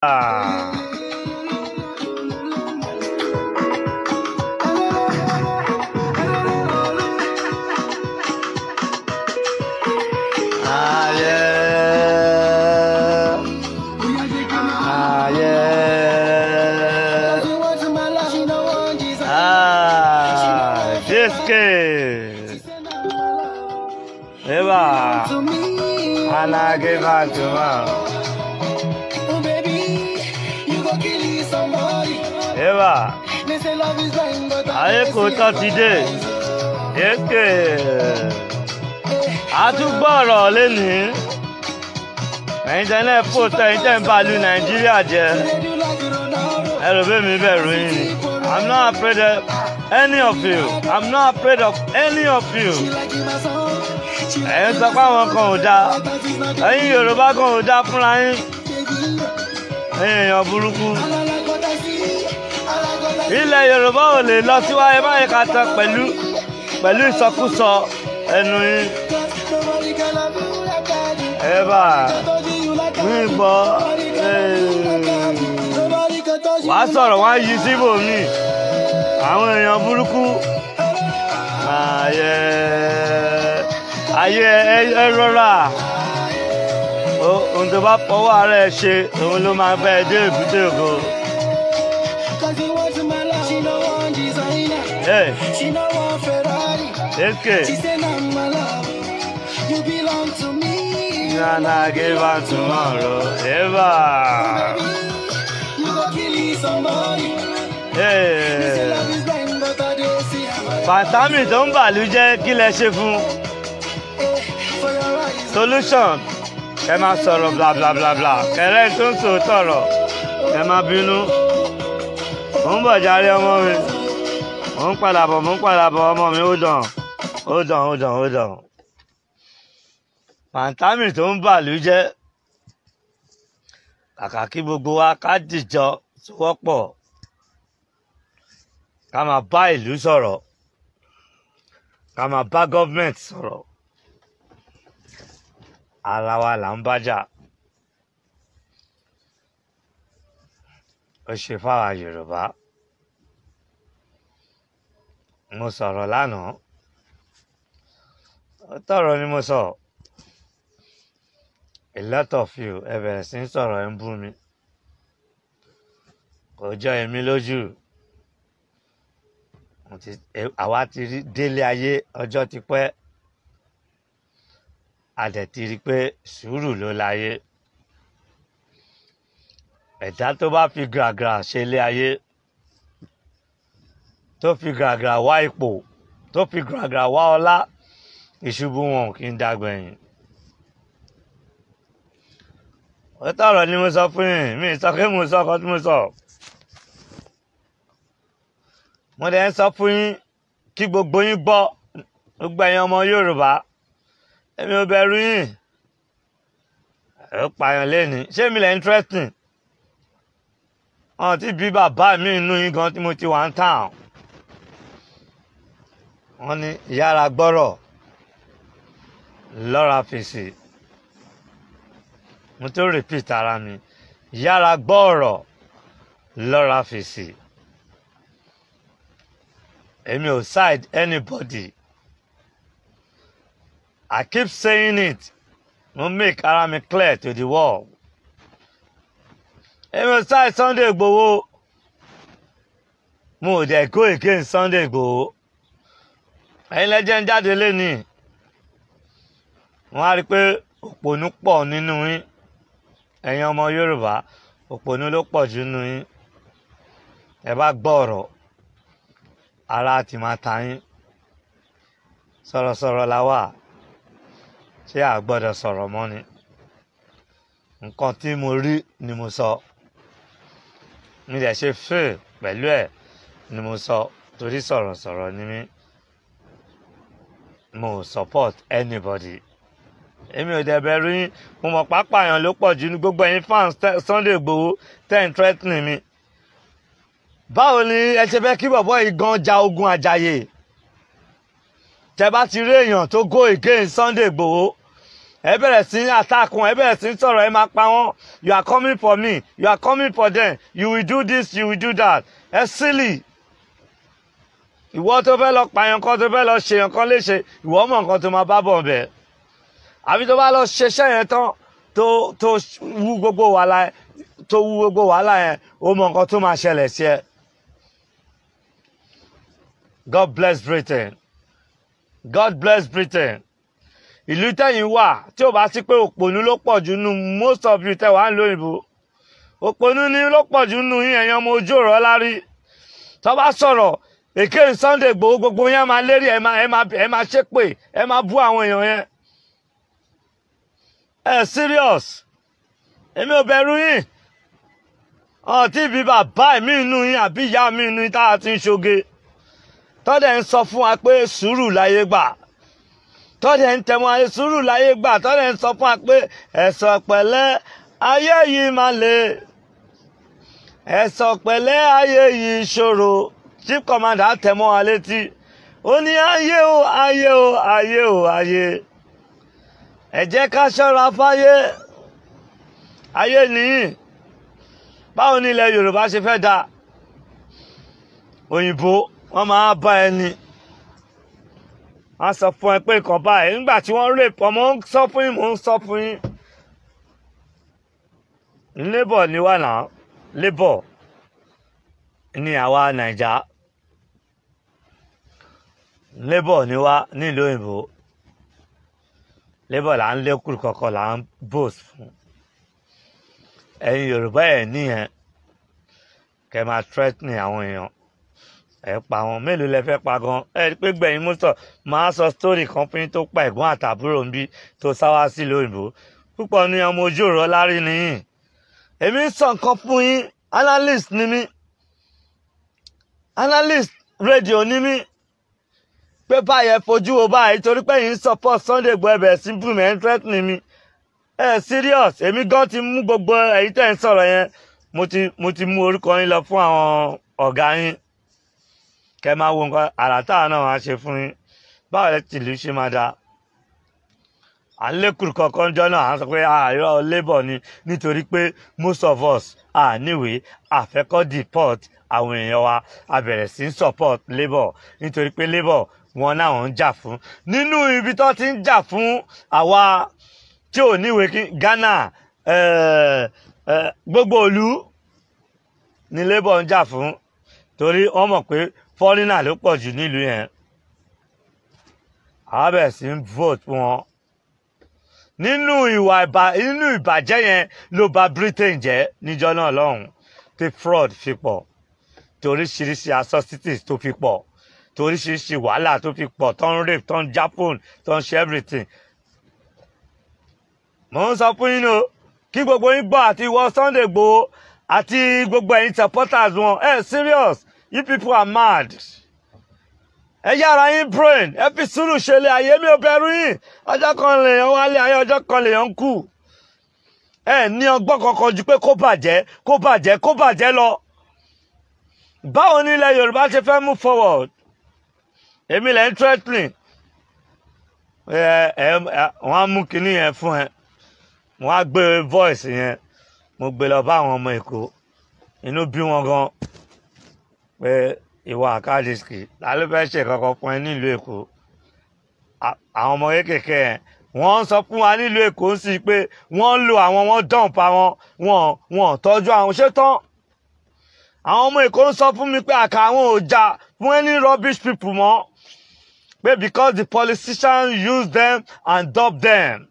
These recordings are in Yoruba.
啊！啊耶！啊耶！啊！Yes girl，对吧？喊他给发个。Àdúrà àyèkò tán ti dé èké àtúgbọ̀rọ̀ lẹ́nìí ẹ̀yin tẹ́ náà post ẹ̀yin tẹ́ ń balu Nàìjíríà jẹ́ ẹ I'm not afraid of any of you I'm not afraid of any of you ẹ̀yin sọ pé àwọn kan ò dáa ẹ̀yin Yorùbá kan ò dáa fúnra yín èèyàn burúkú ilẹ̀ yorùbá ò lè lọ síwájú báyìí ká tán pẹ̀lú pẹ̀lú ìsọkúsọ ẹnu yín. ẹ bá mi gbọ́ eh, wàá sọ̀rọ̀ wá yí síbò mí àwọn èèyàn burúkú ààyè ayé ẹ rọra ohun tó bá pọwọ́ ara ẹ ṣe òun ló máa bá ẹ dé èbúté ògo. Hey. She no want Ferrari. Okay. She say na my love. You belong to me. Na na give her tomorrow. Ever. Baby, you go kill somebody. Hey. She say love is blind, but I don't see her. Pàtàmì tó ń bàlújẹ́ kí lẹ ṣe fún. Solution ẹ máa sọ̀rọ̀ bla bla bla bla kẹrẹ́ tó ń sòótọ̀ rọ̀ ẹ máa bínú. Mo ń bọ̀ járe ọmọ mi mo ń padà bọ̀ mo ń padà bọ̀ ọmọ mi ó dàn ó dàn ó dàn ó dàn pàǹtámì tó ń bàlú jẹ́ kàkà kí gbogbo wa ká dìjọ sowọ́pọ̀ ká máa bá ìlú sọ̀rọ̀ ká máa bá gọ́ọ̀mẹ̀ntì sọ̀rọ̀ ara wa là ń bájà ó ṣe fáwa Yorùbá mo sọ̀rọ̀ lánàá tọ̀rọ̀ ni mo sọ a lot of you ẹ bẹ̀rẹ̀ sí ń sọ̀rọ̀ ń bú mi kò jọ èmi lójú àwa ti rí délé ayé ọjọ́ ti pẹ́ a dẹ̀ ti rí pé sùúrù ló láyé ẹ̀dá tó bá fi gàgà ṣe ilé ayé tó fi gàgà wá ipò tó fi gàgà wá ọlá ìṣubú wọn kì í dàgbẹ̀yìn. òótọ́ ọ̀rọ̀ ni mo sọ fún yín mi sọ pé mo sọ ọkàn tí mo sọ. mo dẹ̀ ń sọ fún yín kí gbogbo yín gbọ́ gbogbo ẹ̀yin ọmọ Yorùbá èmi ò bẹ̀rù yín ẹ̀rọ pààyàn lẹ́ni ṣé mi lẹ́ interesting. wọn ti bí bàbá mi inú yín gan tí mo ti wà ń tàn wọ́n ní yára gbọ́rọ̀ lọ́ra fèsì mo tó repeat ara mi yára gbọ́rọ̀ lọ́ra fèsì èmi ò side anybody I keep saying it mo make ara mi clear to the world èmi ò side Sunday Igboho mo ò dẹ̀ go against Sunday Igboho ẹ̀yin lẹ́jẹ́ ń jáde lẹ́ni wọ́n á rí i pé òpònú pọ̀ nínú yín ẹ̀yin ọmọ Yorùbá òpònú ló pọ̀ jù nínú yín ẹ bá gbọ́ ọ̀rọ̀ ara ti máa ta yín sọ̀rọ̀sọ̀rọ̀ la wà ṣé a sọ̀rọ̀ mọ́ ni nǹkan tí mo rí ni mo sọ mi dẹ̀ ṣe fè pẹ̀lú ẹ̀ ni mo sọ torí sọ̀rọ̀sọ̀rọ̀ ni mí mo support anybody èmi ò dẹ̀ bẹ̀rù yín mo mọ̀ pápá èèyàn ló pọ̀ jù ní gbogbo ẹ̀yin fans Sunday Igboho ten threatening mi báwo ni ẹ ṣe fẹ́ kí bọ̀bọ́ yìí gan ja ogun àjàyè tẹ bá ti rí èèyàn tó go against Sunday Igboho ẹ bẹ̀rẹ̀ sí ní attack wọn ẹ bẹ̀rẹ̀ sí ní sọ̀rọ̀ ẹ máa pa wọn you are coming for me you are coming for them you will do this you will do that ẹ silly ìwọ tó fẹ́ lọ pààyàn kan tó fẹ́ lọ ṣe nǹkan léṣe ìwọ mọ̀ nǹkan tó máa bá bọ̀ bẹ̀ àbí tó bá lọ ṣeṣẹ́ yẹn tán tó tó wú gbogbo wàhálà tó wú gbogbo wàhálà yẹn ó mọ̀ nǹkan tó máa ṣẹlẹ̀ sí ẹ. God bless Britain God bless Britain ìlú tẹ̀yìn wà tí ò bá sí pé òpònú ló pọ̀ jù nù most of you tẹ̀ wá ń lóyìnbó òpònú ni ló pọ̀ jù nù yín ẹ̀yàn ọmọ ojú ọ̀rọ̀ lárí tó bá sọ̀rọ̀ èké Sunday Igboho gbogbo yẹn máa lérí ẹ máa ẹ máa ṣépè ẹ máa bú àwọn èèyàn yẹn ẹ serious èmi ò bẹ̀rù yín ọtí ibi bàbá mi inú yín àbí ìyá mi inú yín tá a ti ń ṣoge tọ́dẹ̀ ń sọ fún wa pé sùúrù láyé gbà tọ́dẹ̀ ń tẹ̀wọ́n ayé sùúrù láyé gbà tọ́dẹ̀ ń sọ fún wa pé ẹ̀sọ̀ pẹ̀lẹ́ ayé yìí máa le ẹ̀sọ̀ pẹ̀lẹ́ ayé yìí ṣòro. chief commander tẹ̀mọ́ wa létí ó ní ayé o ayé o ayé o ayé ẹ ká ṣọ́ra fáyé ayé nìyí báwo ni ilẹ̀ yorùbá ṣe fẹ́ da òyìnbó wọ́n máa bá ẹni wọ́n sọ fún ẹ pé nǹkan báyìí nígbà tí wọ́n rèé pọ̀ mọ́ ń sọ fún yín mò ń sọ fún yín labour ni wà náà labour ni àwa nàìjà labour ni wá nílùú òyìnbó labour là ń lékùrú kọ̀ọ̀kan là ń bòs fún ẹ̀yin yorùbá ẹ̀ nìyẹn kẹ́ máa threatening àwọn èèyàn ẹ pa wọn mélòó lẹ fẹ́ pa gan ẹ pé gbẹ̀yìn mọtò máa sọ sítórì kọmpínì tó pa ẹ̀gbọ́n àtàbúrò ń bí tó sáwá sí lóyìnbó púpọ̀ ní ọmọ ojú ọ̀rọ̀ lárí nìyín èmi ń sọ nǹkan fún yín analyst ni mí analyst radio ni mí pé báyìí ẹ fojú wo báyìí torí pé yìí ń support Sunday Igboho ẹbẹ̀ sí bùnmi ẹ̀ ń threatening mi ẹ serious èmi gan ti mú gbogbo ẹ̀yin tẹ̀ ń sọ̀rọ̀ yẹn mo ti mo ti mú orúkọ yín lọ fún àwọn ọ̀gá yín kẹ máa wo nǹkan àràtà náà máa ṣe fún yín báwo lẹ tìlú ṣe máa dáa à ń lékùrú kankan jọ náà à ń sọ pé àárọ̀ ah, labour ni nítorí pé most of us àníwèé àfẹ́kọ́ deport àwọn èèyàn wa a sí support labour nítorí pé labour wọn náwọn ń jà fún nínú ibi tó ti ń jà fún àwa tí ò níwèé Ghana gbogbo ìlú ni labour ń jà fún torí wọ́n mọ̀ pé fọ́rínà ló pọ̀ jù nílùú yẹn àbẹ̀ sí ń vote wọn nínú ìwà ìbà nínú ìbàjẹ́ yẹn ló bà Britain jẹ́ níjọ́ náà lọ́hùn-ún tí fraud fi pọ̀ toríṣiríṣi atrocities tó fi pọ̀ toríṣiríṣi wàhálà tó fi pọ̀ tó ń rape tó ń japan tó ń ṣe everything. mo ń sọ fún yín o kí gbogbo yín gbọ́ àti ìwọ Sunday Igboho àti gbogbo ẹ̀yin supporters wọn ẹ serious you people are mad ẹ yára yín brain ẹ fi sùúrù ṣẹlẹ̀ ayé mi ò bẹ̀rù yín ọjọ́ kan lèèyàn wálé ayé ọjọ́ kan lèèyàn kú ẹ ní ọgbọ́n kankan ju pé kó bàjẹ́ kó bàjẹ́ kó bàjẹ́ lọ báwo ni ilẹ̀ Yorùbá ṣe fẹ́ move forward èmi lẹ́ ń threatening ẹ ẹ wọ́n á mú kinní yẹn fún ẹ wọ́n á gbé voice yẹn mo gbé lọ bá àwọn ọmọ èkó inú bí wọn gan pé ìwà àkàdìsíkì lálẹ́ fẹ́ ṣe kankan fún ẹ nílùú èkó àwọn ọmọ kéékèèké yẹn wọ́n sọ fún wa nílùú èkó ń sì pé wọ́n ń lo àwọn wọn dọ̀npa wọn wọn wọn tọ́jú àwọn ṣé tán àwọn ọmọ èkó ń sọ fún mi pé àkà ò jà fún ẹni rubbish people mọ́ pé because the politicians use them and dub them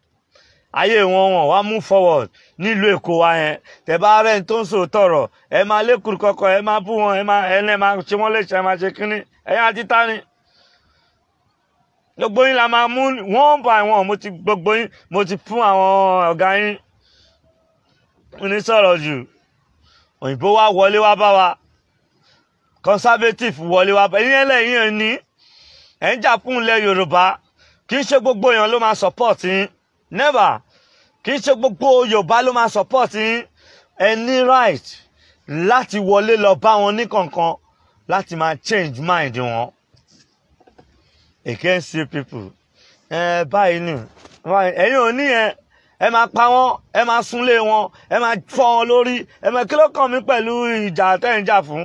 ayé wọn wọn wá move forward nílùú èkó wa yẹn tẹ̀bá rẹ̀ ń tó ń sòótọ́ ọ̀rọ̀ ẹ máa lékùrú kọkọ ẹ máa bú wọn ẹ máa ẹ lẹ́ẹ̀ máa ṣe wọ́n léṣe ẹ máa ṣe kínní ẹ̀yìn àti tani gbogbo yín la máa mú one by one mo ti gbogbo yín mo ti fún àwọn ọ̀gá yín ní sọ̀rọ̀ jù òyìnbó wa wọlé wá bá wa conservative wọlé wá bá yín ẹlẹ́yìn ẹ̀ ní ẹ̀ ń jà fún ilẹ̀ yorùbá kì í ṣe gbogbo èèyàn ló máa support yín never kì í ṣe gbogbo yorùbá ló máa support yín ẹ right láti wọlé lọ bá wọn ní kankan láti máa change mind wọn against you people ẹ báyìí nù ẹ̀yin ò ní yẹn ẹ máa pa wọn ẹ máa súnlé wọn ẹ máa fọ́ wọn lórí ẹ máa kí ló kàn mí pẹ̀lú ìjà tẹ́ ń jà fún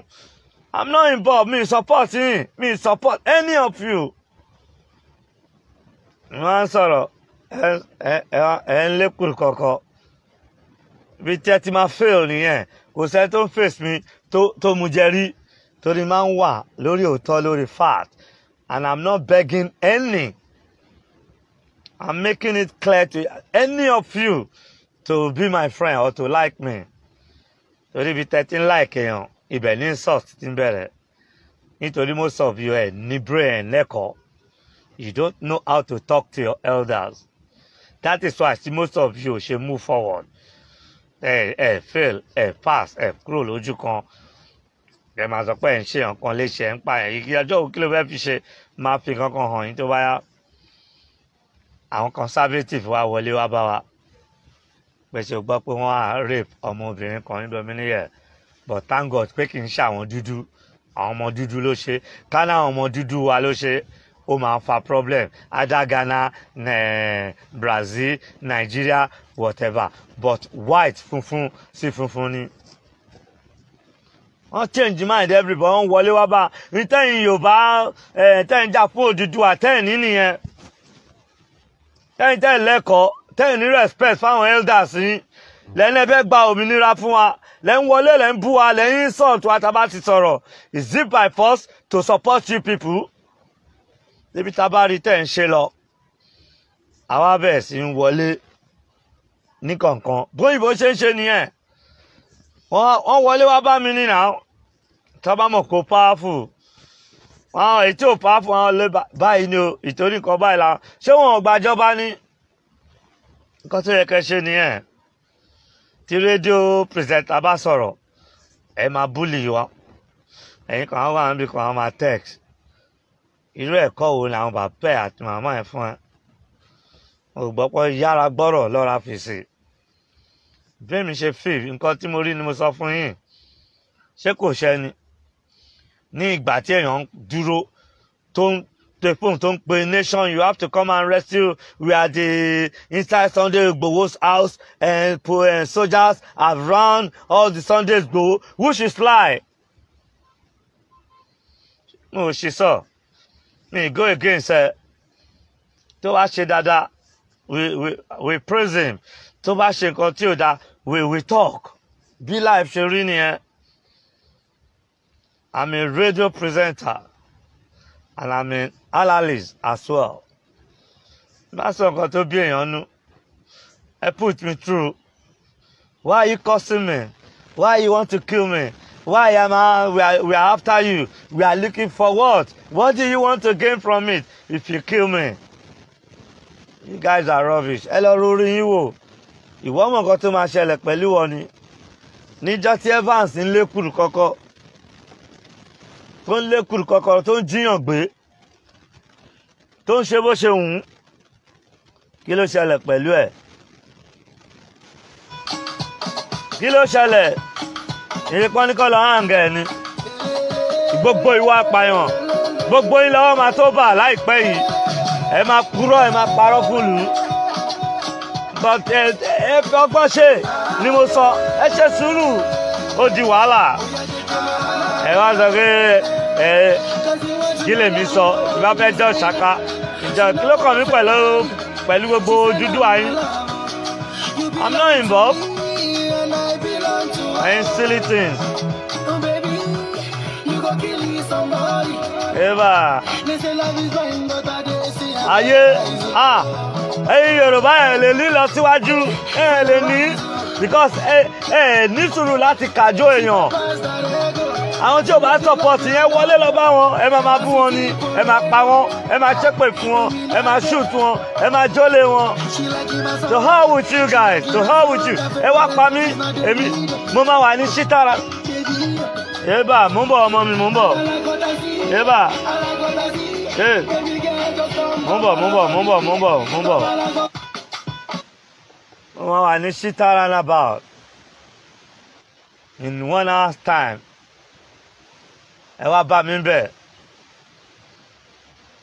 I'm not involved. Me support him. Me support any of you. Wọ́n sọ̀rọ̀ ẹ ń lékùn kọ̀ọ̀kan. Bí tí ẹ ti máa fail nìyẹn, kò sẹ́ tó ń face me. tó mu jẹ rí torí máa ń wà lórí òótọ́ lórí fact and I'm not begging any. I'm making it clear to any of you to be my friend or to like me. Torí bí tẹ́tí ń like èèyàn ibẹ̀ ní south ti ń bẹ̀rẹ̀ nítorí most of you ẹ̀ ní brain lẹ́kọ̀ọ́ you don't know how to talk to your elders that is why see, most of you ṣe move forward ẹ ẹ fail ẹ pass ẹ kúrò lójú kan ẹ máa sọ pé ẹ ń ṣe nǹkan léṣe ẹ ń pa ẹ yìí ọjọ́ òkú ló fẹ́ fi ṣe máa fi kankan hàn yín tó bá yá àwọn conservative wa wọlé wá bá wa pèsè gbọ́ pé wọ́n á rape ọmọbìnrin kan ní dominia but thank God pé kì í ṣe àwọn dúdú àwọn ọmọ dúdú ló ṣe ká láwọn ọmọ dúdú wa ló ṣe ó máa fa problem either Ghana Brazil Nigeria whatever but white funfun sí funfun ni wọ́n change mind everybody wọ́n wọlé wá bá ní tẹ́yìn Yorùbá tẹ́yìn jà fún Odùduwà tẹ́yìn ní nìyẹn tẹ́yìn tẹ́yìn lẹ́kọ̀ọ́ tẹ́yìn ní respect fáwọn elders yín lẹ́nu ẹ fẹ́ gba òmìnira fún wa lẹ́ ń wọlé lẹ́ ń bú wa lẹ́ ń insult wa tá a bá ti sọ̀rọ̀ is it by force to support you people níbi tá a bá rí tẹ̀ ń ṣe lọ àwa bẹ̀rẹ̀ sí ń wọlé ní kọ̀ọ̀kan bóyìnbó ṣe ń ṣe nìyẹn wọ́n wọlé wá bá mi nínà tó bá mọ̀ kó powerful àwọn èyí tí ò powerful àwọn lè báyìí ni o ìtorí nǹkan báyìí làwọn ṣé wọn ò gbàjọba ní nǹkan tó yẹ kẹ́ ṣe nìyẹn tí rédíò pírẹsẹ̀ntà bá sọ̀rọ̀ ẹ máa búlì wa ẹ̀yin kan wà níbi kan wọ́n máa text irú ẹ̀kọ́ wo ni àwọn bàbá ẹ̀ àti màmá ẹ̀ fún ẹ ògbọ́pọ̀ yára gbọ́rọ̀ lọ́ra fèsì bí ṣe fi nǹkan tí mo rí ni mo sọ fún yín ṣé kò ṣẹni ní ìgbà tí èèyàn dúró tó ń the phone tó pe nation you have to come and rescue we are the inside Sunday Igboho's house and, and soldiers have run all the Sundays Igboho Who she fly? mo she saw? Me go again sir. To bá ṣe dáadáa we we we praise him To bá ṣe nǹkan tí ò dáa we we talk Be life ṣe rí nìyẹn I'm a radio presenter and I'm a analyst as well má sọ nǹkan tó bí èèyàn nú ẹ put me through why are you cursing me why you want to kill me why am I we are, we are after you we are looking for what what do you want to gain from it if you kill me you guys are rubbish ẹ lọ you. You wò ìwọ mọ̀ nǹkan tó máa ṣẹlẹ̀ pẹ̀lú wọn ni níjọ́ tí Evans ń lékùrú kọ́kọ́ tó ń lékùrú kọ́kọ́ tó ń ṣe bó ṣe wù ú kí ló ṣẹlẹ̀ pẹ̀lú ẹ̀ kí ló ṣẹlẹ̀ ìrìpọ́n ní kọ́lọ̀ hàǹgẹ̀ ni gbogbo ìwà apààyàn gbogbo yín lọ́wọ́ máa tó bà láìpẹ́ yìí ẹ máa purọ́ ẹ máa parọ́ fún lù ú ẹ fi ọgbọ́n ṣe ni mo sọ ẹ ṣe sùúrù ó di wàhálà ẹ wá sọ pé ẹ kí lèmi sọ ìbá jọ ṣáká jà kí pẹ̀lú pẹ̀lú gbogbo dúdú ayín i'm not involved in silly things. Oh, Eva. Ayé ah ẹ̀yin Yorùbá ẹ lè ní lọ síwájú ẹ lè ní because ẹ ẹ ní sùúrù láti kàjọ èèyàn àwọn tí ò bá support yẹn wọlé lọ bá wọn ẹ máa bú wọn ni ẹ máa pa wọn ẹ máa ṣépè fún wọn ẹ máa shoot wọn ẹ máa jólè wọn to hell with you guys to how with you ẹ wá pa mí èmi mo máa wà ní sítara yébà mò ń bọ̀ ọmọ mi mò ń bọ̀ yébà ee mò ń bọ̀ mò ń bọ̀ mò ń bọ̀ mò ń bọ̀ mò ń bọ̀ mo máa wà ní sítara about in one hour time ẹ wá bá mi bẹ̀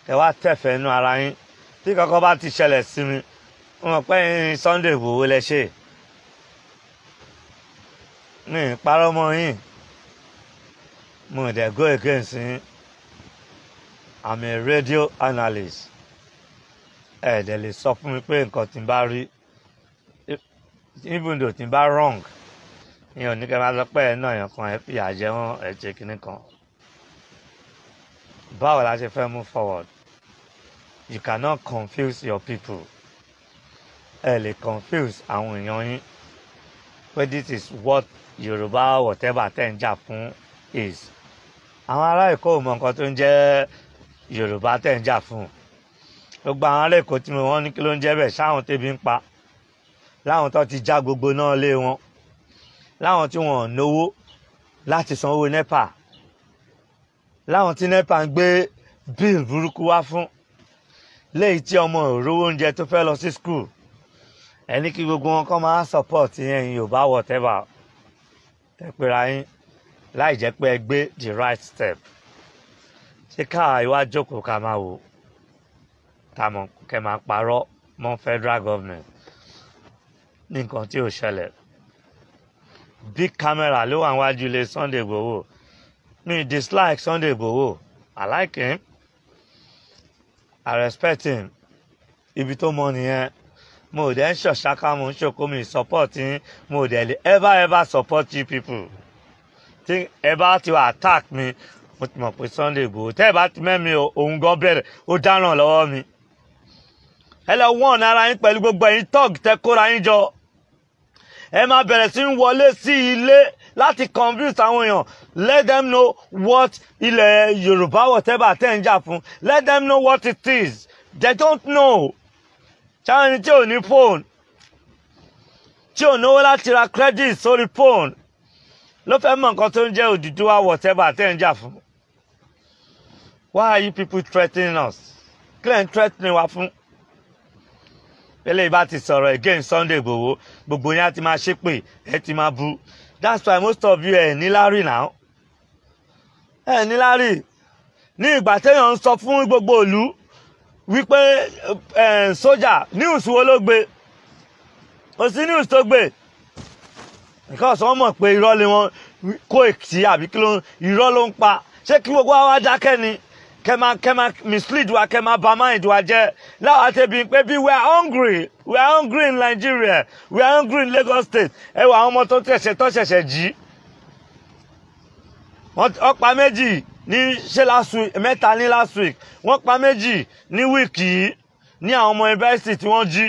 ẹ wá tẹ̀fẹ̀ inú ara yín tí kankan bá ti ṣẹlẹ̀ sí mi wọn pẹ́ yín Sunday Igboho lẹ ṣe mi parọ́ mọ́ yín mo dẹ̀ go against yín I'm a radio analyst ẹ dẹ̀ lè sọ fún mi pé nǹkan tí n bá rí even though tí n bá wrong ìyẹn ò ní kẹ́ máa lọ pẹ́ ẹ náà yẹn kan ẹ fìyà jẹ wọ́n ẹ ṣe kinní kan báwo la ṣe fẹ́ move forward you cannot confuse your people ẹ lè confuse àwọn èèyàn yín But this is what Yoruba, whatever tẹ̀ ń is àwọn ará Èkó ò mọ nǹkan tó ń jẹ́ Yorùbá tẹ̀ ń jà fún gbogbo àwọn ará Èkó tí wọ́n ní kí ló ń jẹ́ bẹ́ẹ̀ ṣáwọn tẹ́bi ń pa láwọn tó ti já gbogbo náà lé wọn láwọn tí wọn ò náwó láti sanwó NEPA láwọn tí nepa ń gbé bíl burúkú wá fún léyìí tí ọmọ òrówó oúnjẹ tó fẹ́ lọ sí skul ẹni kí gbogbo wọn kọ́ máa support yẹn yorùbá whatever tẹ́pẹ́ra yín láì jẹ́ pé ẹ gbé the right step ṣé káà ìwà jókòó ká máa wò táwọn kẹ máa parọ́ mọ́ federal government ní nǹkan tí ò ṣẹlẹ̀ big camera ló wà níwájú ilé Sunday Igboho me dislike Sunday Igboho I like him I respect him ibi tó mọ nìyẹn mo ò dẹ̀ ń ṣọ̀ṣáká mo ń ṣòkó mi support yín mo ò dẹ̀ lè ever ever support you people tí ẹ bá ti wà attack mi mo ti mọ̀ pé Sunday Igboho tẹ́ ẹ bá ti mẹ́mi òun gan bẹ̀rẹ̀ ó dáràn lọ́wọ́ mi ẹ lọ wọ́n ara yín pẹ̀lú gbogbo ẹ̀yin tọ́ọ̀gì tẹ́ kóra yín jọ ẹ máa bẹ̀rẹ̀ sí ń wọlé sí ilé láti convince àwọn èèyàn let them know what ilẹ̀ yorùbá whatever tẹ̀ ń jà fún let them know what it is they don't know ṣáàrin tí ò ní phone tí ò náwó láti ra credit sórí phone ló fẹ́ mọ nǹkan tó ń jẹ́ Odùduwà whatever tẹ̀ ń jà fún why are you people threatening us clear and threatening wa fún eléyìí bá ti sọ̀rọ̀ again Sunday Igboho gbogbo yẹn á ti máa ṣépè ẹ ti máa bu that's why most of you are eh, ní now. náà ẹ̀ ni lárí ní ìgbà téèyàn ń sọ fún pe ìlú wípé eh, sójà news wo ló gbé kò sí news tó gbé because wọ́n mọ̀ pé irọ́ lé wọn kó èkìtì àbí kí ló irọ́ ló ń pa ṣé kí gbogbo wa wá dákẹ́ kẹ́ máa mislead wa kẹ́ máa bà mind wa jẹ́ láwa tẹ̀bi pé bí we are hungry we are hungry in Nigeria we are hungry in Lagos State ẹ wọ àwọn ọmọ tó ṣẹ̀ṣẹ̀ tó ṣẹ̀ṣẹ̀ jí wọ́n méjì ní ṣe last week mẹ́ta ní last week wọ́n pa méjì ní wíìkì yìí ní àwọn ọmọ yunifásitì tí wọ́n jí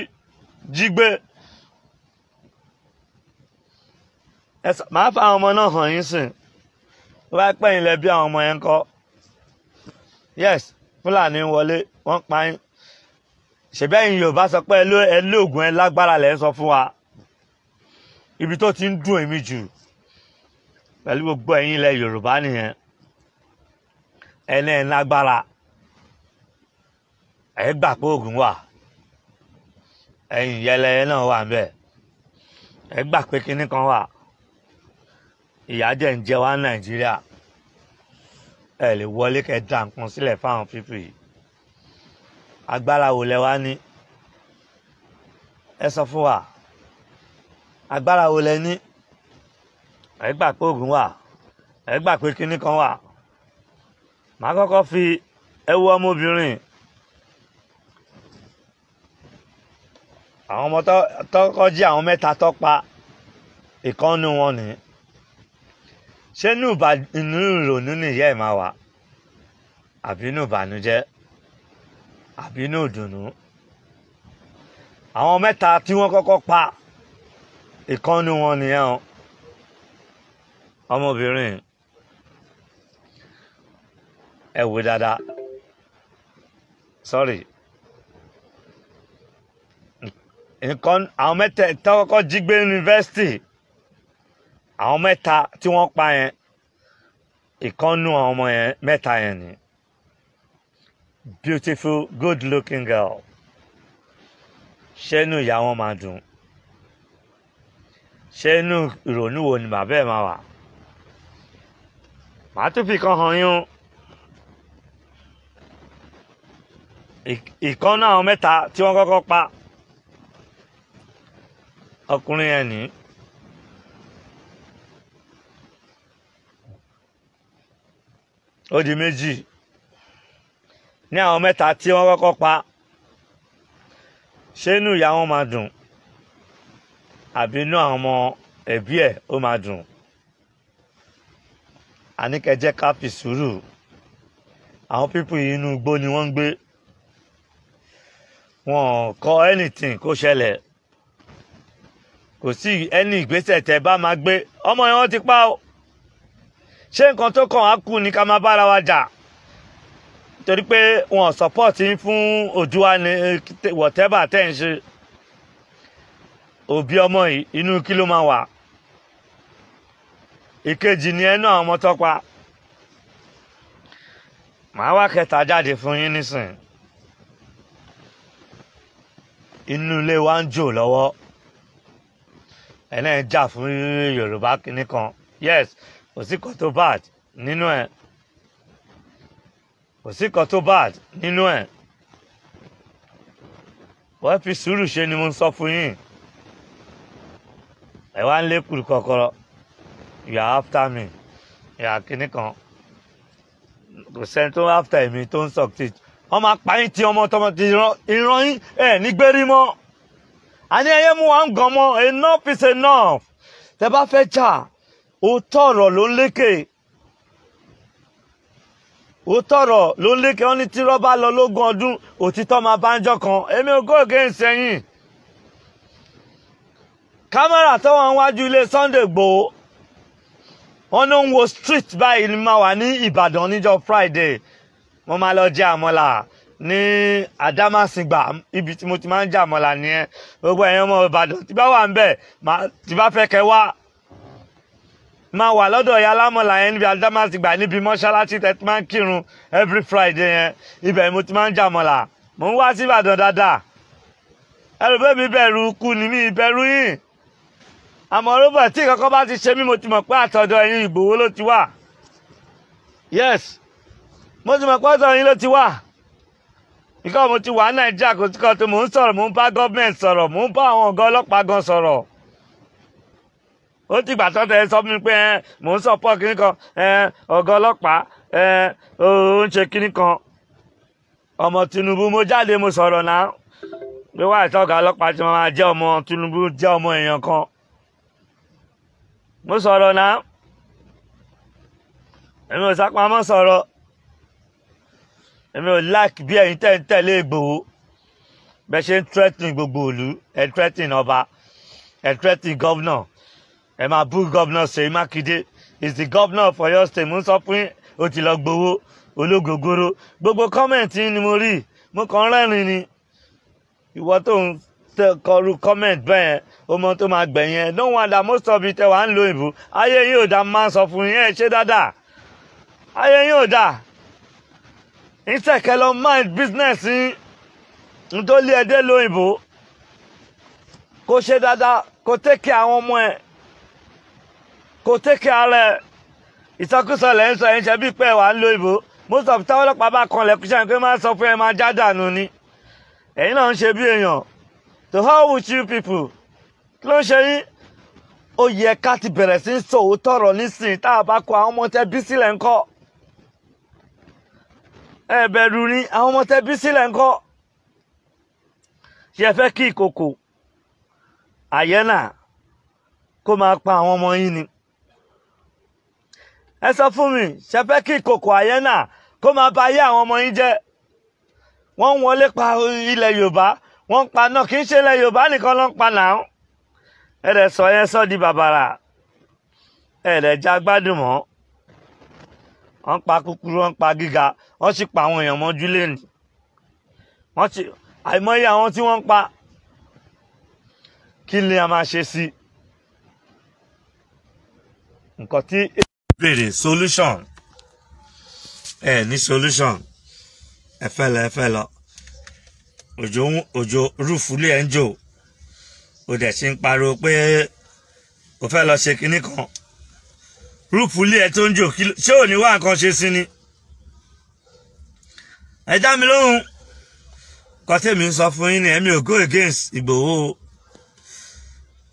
jí gbé màá fa àwọn ọmọ náà hàn yín sìn wọ́n bá pẹ́yìn lẹ́bí àwọn ọmọ yẹn kọ́ yes fúlàní wọlé wọ́n pa yín ṣèbẹ́yìn yorùbá sọ pé ẹ lóògùn ẹ lágbára lẹ́ ń sọ fún wa ibi tó ti ń dùn èmi jù pẹ̀lú gbogbo ẹ̀yin ilẹ̀ yorùbá nìyẹn ẹni ẹ̀ lágbára ẹ̀ gbà pé oògùn wà ẹ̀yìn yẹlẹyẹ náà wà ń bẹ̀ ẹ̀ gbà pé kinní kan wà ìyà jẹ ń jẹ wá nàìjíríà ẹ lè wọlé kẹ dá nǹkan sílẹ̀ fáwọn pípì yìí agbára wo lẹ wá ní ẹ sọ fún wa agbára wo lẹ ní ẹ gbà pé oògùn wà ẹ gbà pé kinní kan wà màá kọ́kọ́ fi ẹwu ọmọbìnrin àwọn ọmọ tọkọ jí àwọn mẹ́ta tọpa ìkànnì wọn nìyí ṣé inú ìrònú nìyá ẹ̀ máa wà àbí inú ìbànújẹ́ àbí inú ìdùnnú àwọn mẹ́ta tí wọ́n kọ́kọ́ pa ìkànnì wọn nìyẹn o ọmọbìnrin ẹ wò dáadáa sorry nǹkan àwọn mẹ́tẹ̀ẹ̀ta kọ́kọ́ jí gbé yunifásitì àwọn mẹ́ta tí wọ́n pa yẹn ìkànnú àwọn ọmọ yẹn mẹ́ta yẹn ni beautiful good looking girl ṣé inú ìyá wọn máa dùn ṣé inú ìrònú wo ni bàbá ẹ máa wà màá tún fi kan hàn yín o ìkànnú àwọn mẹ́ta tí wọ́n kọ́kọ́ pa ọkùnrin yẹn nìyí. ó di méjì ní àwọn mẹ́ta tí wọ́n kọ́kọ́ pa ṣé inú ìyá wọn máa dùn àbí inú àwọn ọmọ ẹbí ẹ̀ ó máa dùn àníkẹ́jẹ́ ká fi sùúrù àwọn pípù inú igbó ni wọ́n ń gbé wọn kọ anything kó ṣẹlẹ̀ kò sí any ìgbésẹ̀ tẹ́ bá máa gbé ọmọ yẹn wọ́n ti pa o ṣé nǹkan tó kàn á kù ní ká máa bára wa jà torí pé wọn support fún Oòduà ní eh, whatever tẹ́ ń ṣe òbí ọmọ yìí inú kí ló máa wà ìkejì ni ẹnu àwọn ọmọ tọ́pa màá wá kẹta jáde fún yín nísìn inú ilé wa ń jò lọ́wọ́ ẹ̀ náà jà fún Yorùbá kìnnìkan yes kò sí tó bad nínú ẹ̀ kò sí tó bad nínú ẹ̀ wọ́n fi sùúrù ṣe ni mo ń sọ fún yín ẹ wá ń lé kùrù kọ̀kọ̀rọ̀ you are after me you are kinní kan kò sẹ́ni tó after èmi tó ń succeed wọ́n máa pa yín ti ọmọ tọmọ ti ìran yín ẹ̀ nígbérí mọ́ àní ẹyẹ mú wa ń gan mọ́ enough is enough tẹ bá fẹ́ jà òótọ́ ọ̀rọ̀ ló ń lékè òótọ́ ọ̀rọ̀ ló ń lékè wọ́n ní tí rọ́bà lọ lógún ọdún òtítọ́ máa bá ń jọ kan èmi ò gòkè ń sẹ́yìn kámẹ́rà tó wọ́n wájú ilé Sunday Igboho wọ́n ló ń wo street báyìí ni máa wà ní Ìbàdàn níjọ́ Friday mo máa lọ jẹ àmọ́là ní Àdámàsìngbà ibi tí mo ti máa ń jẹ àmọ́là nìyẹn gbogbo ẹ̀yin ọmọ Ìbàdàn tí bá wà ń bẹ̀ tí bá fẹ́ kẹ́ wá máa wà lọ́dọ̀ ìyá alámọ̀lá yẹn níbi adamas gbà níbi mọ́ṣáláṣí tẹ́tí máa ń kírun every friday yẹn ibẹ̀ mo ti máa ń jàmọ̀là mò ń wá sí ìbàdàn dáadáa ẹlòmíràn mi bẹ̀rù kú ni mi bẹ̀rù yìí àmọ́ rọ́bà tí kankan bá ti ṣe mí mo ti mọ̀ pé àtọ̀dọ̀ ẹ̀yin ìgbòho ló ti wà yes mo ti mọ̀ pé àtọ̀dọ̀ ẹ̀yin ló ti wà ìkọ́ mo ti wà ní nàìjíríà kò sí kan tó mò ń sọ̀rọ̀ mò ń bá gọ́ọ̀mẹ̀ntì sọ̀rọ̀ mò ń bá àwọn ọ̀gá ọlọ́pàá gan sọ̀rọ̀ ó dìgbà tó tẹ sọ mi pé mò ń sọpọ kínní kan ọ̀gá ọlọ́pàá ó ń ṣe kínní kan ọmọ Tinubu mo jáde mo sọ̀rọ̀ náà pé wà á tọ́gà ọlọ́pàá tí wọ́n máa jẹ́ ọmọ Tinubu jẹ́ ọmọ èèyàn kan mo sọ̀rọ̀ náà èmi ò sápamọ́ sọ̀rọ̀ èmi ò like bí ẹ̀yin tẹ̀ ń tẹ̀lé Ìgbòho bẹ́ẹ̀ ṣe ń threatening gbogbo ìlú ẹ̀ threatening ọba ẹ̀ threatening governor ẹ máa bú gọ́vnà Ṣèyí Mákindé is the governor of Ọ̀yọ́ state mo ń sọ pé ó ti lọ gbowó ológogoro gbogbo kọ́mẹ̀ntì ni mo rí mo kàn rẹ́rìn ni ìwọ tó ń kọrú kọ́mẹ̀ntì bẹ́ẹ̀ ọmọ tó máa gbẹ̀yìn ẹ̀ no wonder most of it ẹ wà ń lo ìbò ayé yìí ò dá máa sọ fún yín ẹ dáadáa ayé yìí ò dá ìṣẹ̀kẹ́ lọ mind business yín nítorí ẹdẹ lo ìbò kó ṣe dáadáa kó tẹ́kẹ̀ àwọn ọmọ ẹ̀ kò tẹ́kẹ̀ ara ẹ̀ ìsọkúsọ lẹ́ ń sọ yẹn ṣe bí pẹ́ wà ń lo ìbò most of táwọn ọlọ́pàá bá kan lẹ́kùn sẹ́yìn pé máa sọ fún ẹ máa já dànù ni ẹ̀yin náà ń ṣe bí èèyàn to how would you people kí ló ń ṣe yín ó yẹ ká ti bẹ̀rẹ̀ sí ń sọ òótọ́ ọ̀rọ̀ nísìnyí tá a bá kọ àwọn ọmọ tẹ bí sílẹ̀ ńkọ́ ẹ bẹ̀rù ni àwọn ọmọ tẹ bí sílẹ̀ ńkọ́ ṣe fẹ́ kí ìkòkò àyẹ́nà kó máa pa àwọn ọmọ yín ni ẹ sọ fún mi ṣe fẹ́ kí ìkòkò àyẹ́nà kó máa ba ayé àwọn ọmọ yín jẹ́ wọ́n ń wọlé pa ilẹ̀ yorùbá wọ́n ń pa náà kì í ṣe ilẹ̀ yorùbá nìkan ló ń pa náà ẹ rẹ̀ sọ yẹn sọ di bàbàrà ẹ rẹ̀ já gbádùn mọ́ wọ́n ń pa kúkúrú wọ́n ń pa gíga wọ́n sì pa àwọn èèyàn mọ́jú lẹ́nu wọ́n ti àìmọye àwọn tí wọ́n ń pa kí ni a máa ṣe sí nǹkan tí péré solution ẹ ní solution ẹ fẹ́ lọ ẹ fẹ́ lọ òjò òjò rúfù lé ẹ ń jò ó dẹ̀ ṣe ń pariwo pé ó fẹ́ lọ ṣe kinní kan rúfù lé ẹ tó ń jò ṣé ò ní wá nǹkan ṣe sí ni ẹ dá mi lóhùn kọ́tẹ́mi ń sọ fún yín ni èmi ò go against Ìgbòho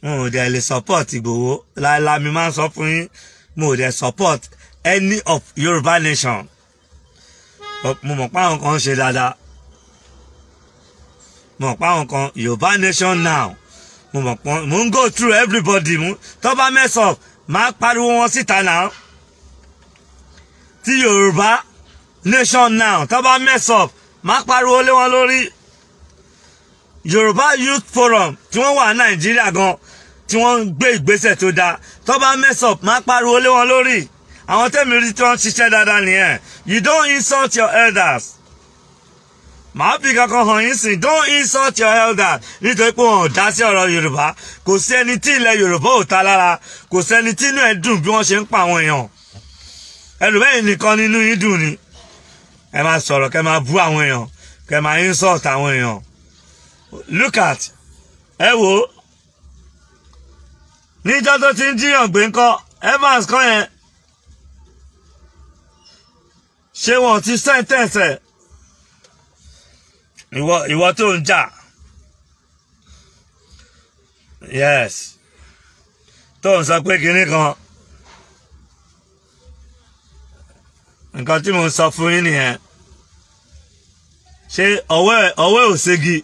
wọn ò dẹ̀ lè support Ìgbòho láéláé mi máa ń sọ fún yín mo ò support any of Yorùbá nation mo mọ̀ pé àwọn kan ń ṣe dáadáa mo mọ̀ pé àwọn kan Yorùbá nation now mo mọ̀ pé mo ń go through everybody mu tó bá mess up máa pariwo wọn síta náà tí Yorùbá nation now tó bá mess up máa pariwo lé wọn lórí Yorùbá youth forum tí wọ́n wà Nàìjíríà gan tí wọ́n ń gbé ìgbésẹ̀ tó dáa tó bá mess up má pariwo lé wọn lórí àwọn tẹ́mi rí tí wọ́n ń ṣiṣẹ́ dáadáa nìyẹn you don't insult your elders màá fi kankan hàn yín sìn don't insult your elders nítorí pé wọn ò dá sí ọ̀rọ̀ yorùbá kò sí ẹni tí ilẹ̀ yorùbá ò ta lára kò sí ẹni tí inú ẹ̀ dùn bí wọ́n ṣe ń pa àwọn èèyàn ẹlòmẹ́yìn nìkan nínú yín dùn ni ẹ máa sọ̀rọ̀ kẹ máa bú àwọn èèyàn kẹ máa insult àwọn èèyàn look at ẹ wo níjọ́ tó ti ń jíyàn gbé ńkọ́ Evans kọ́ yẹn ṣé wọn ti sẹ́ńtẹ̀sẹ̀ ìwọ ìwọ tó ń jà yes tó ń sọ pé kinní kan nǹkan tí mo sọ fún yín nìyẹn ṣé ọwọ́ ẹ̀ ọwọ́ ẹ̀ ò ségi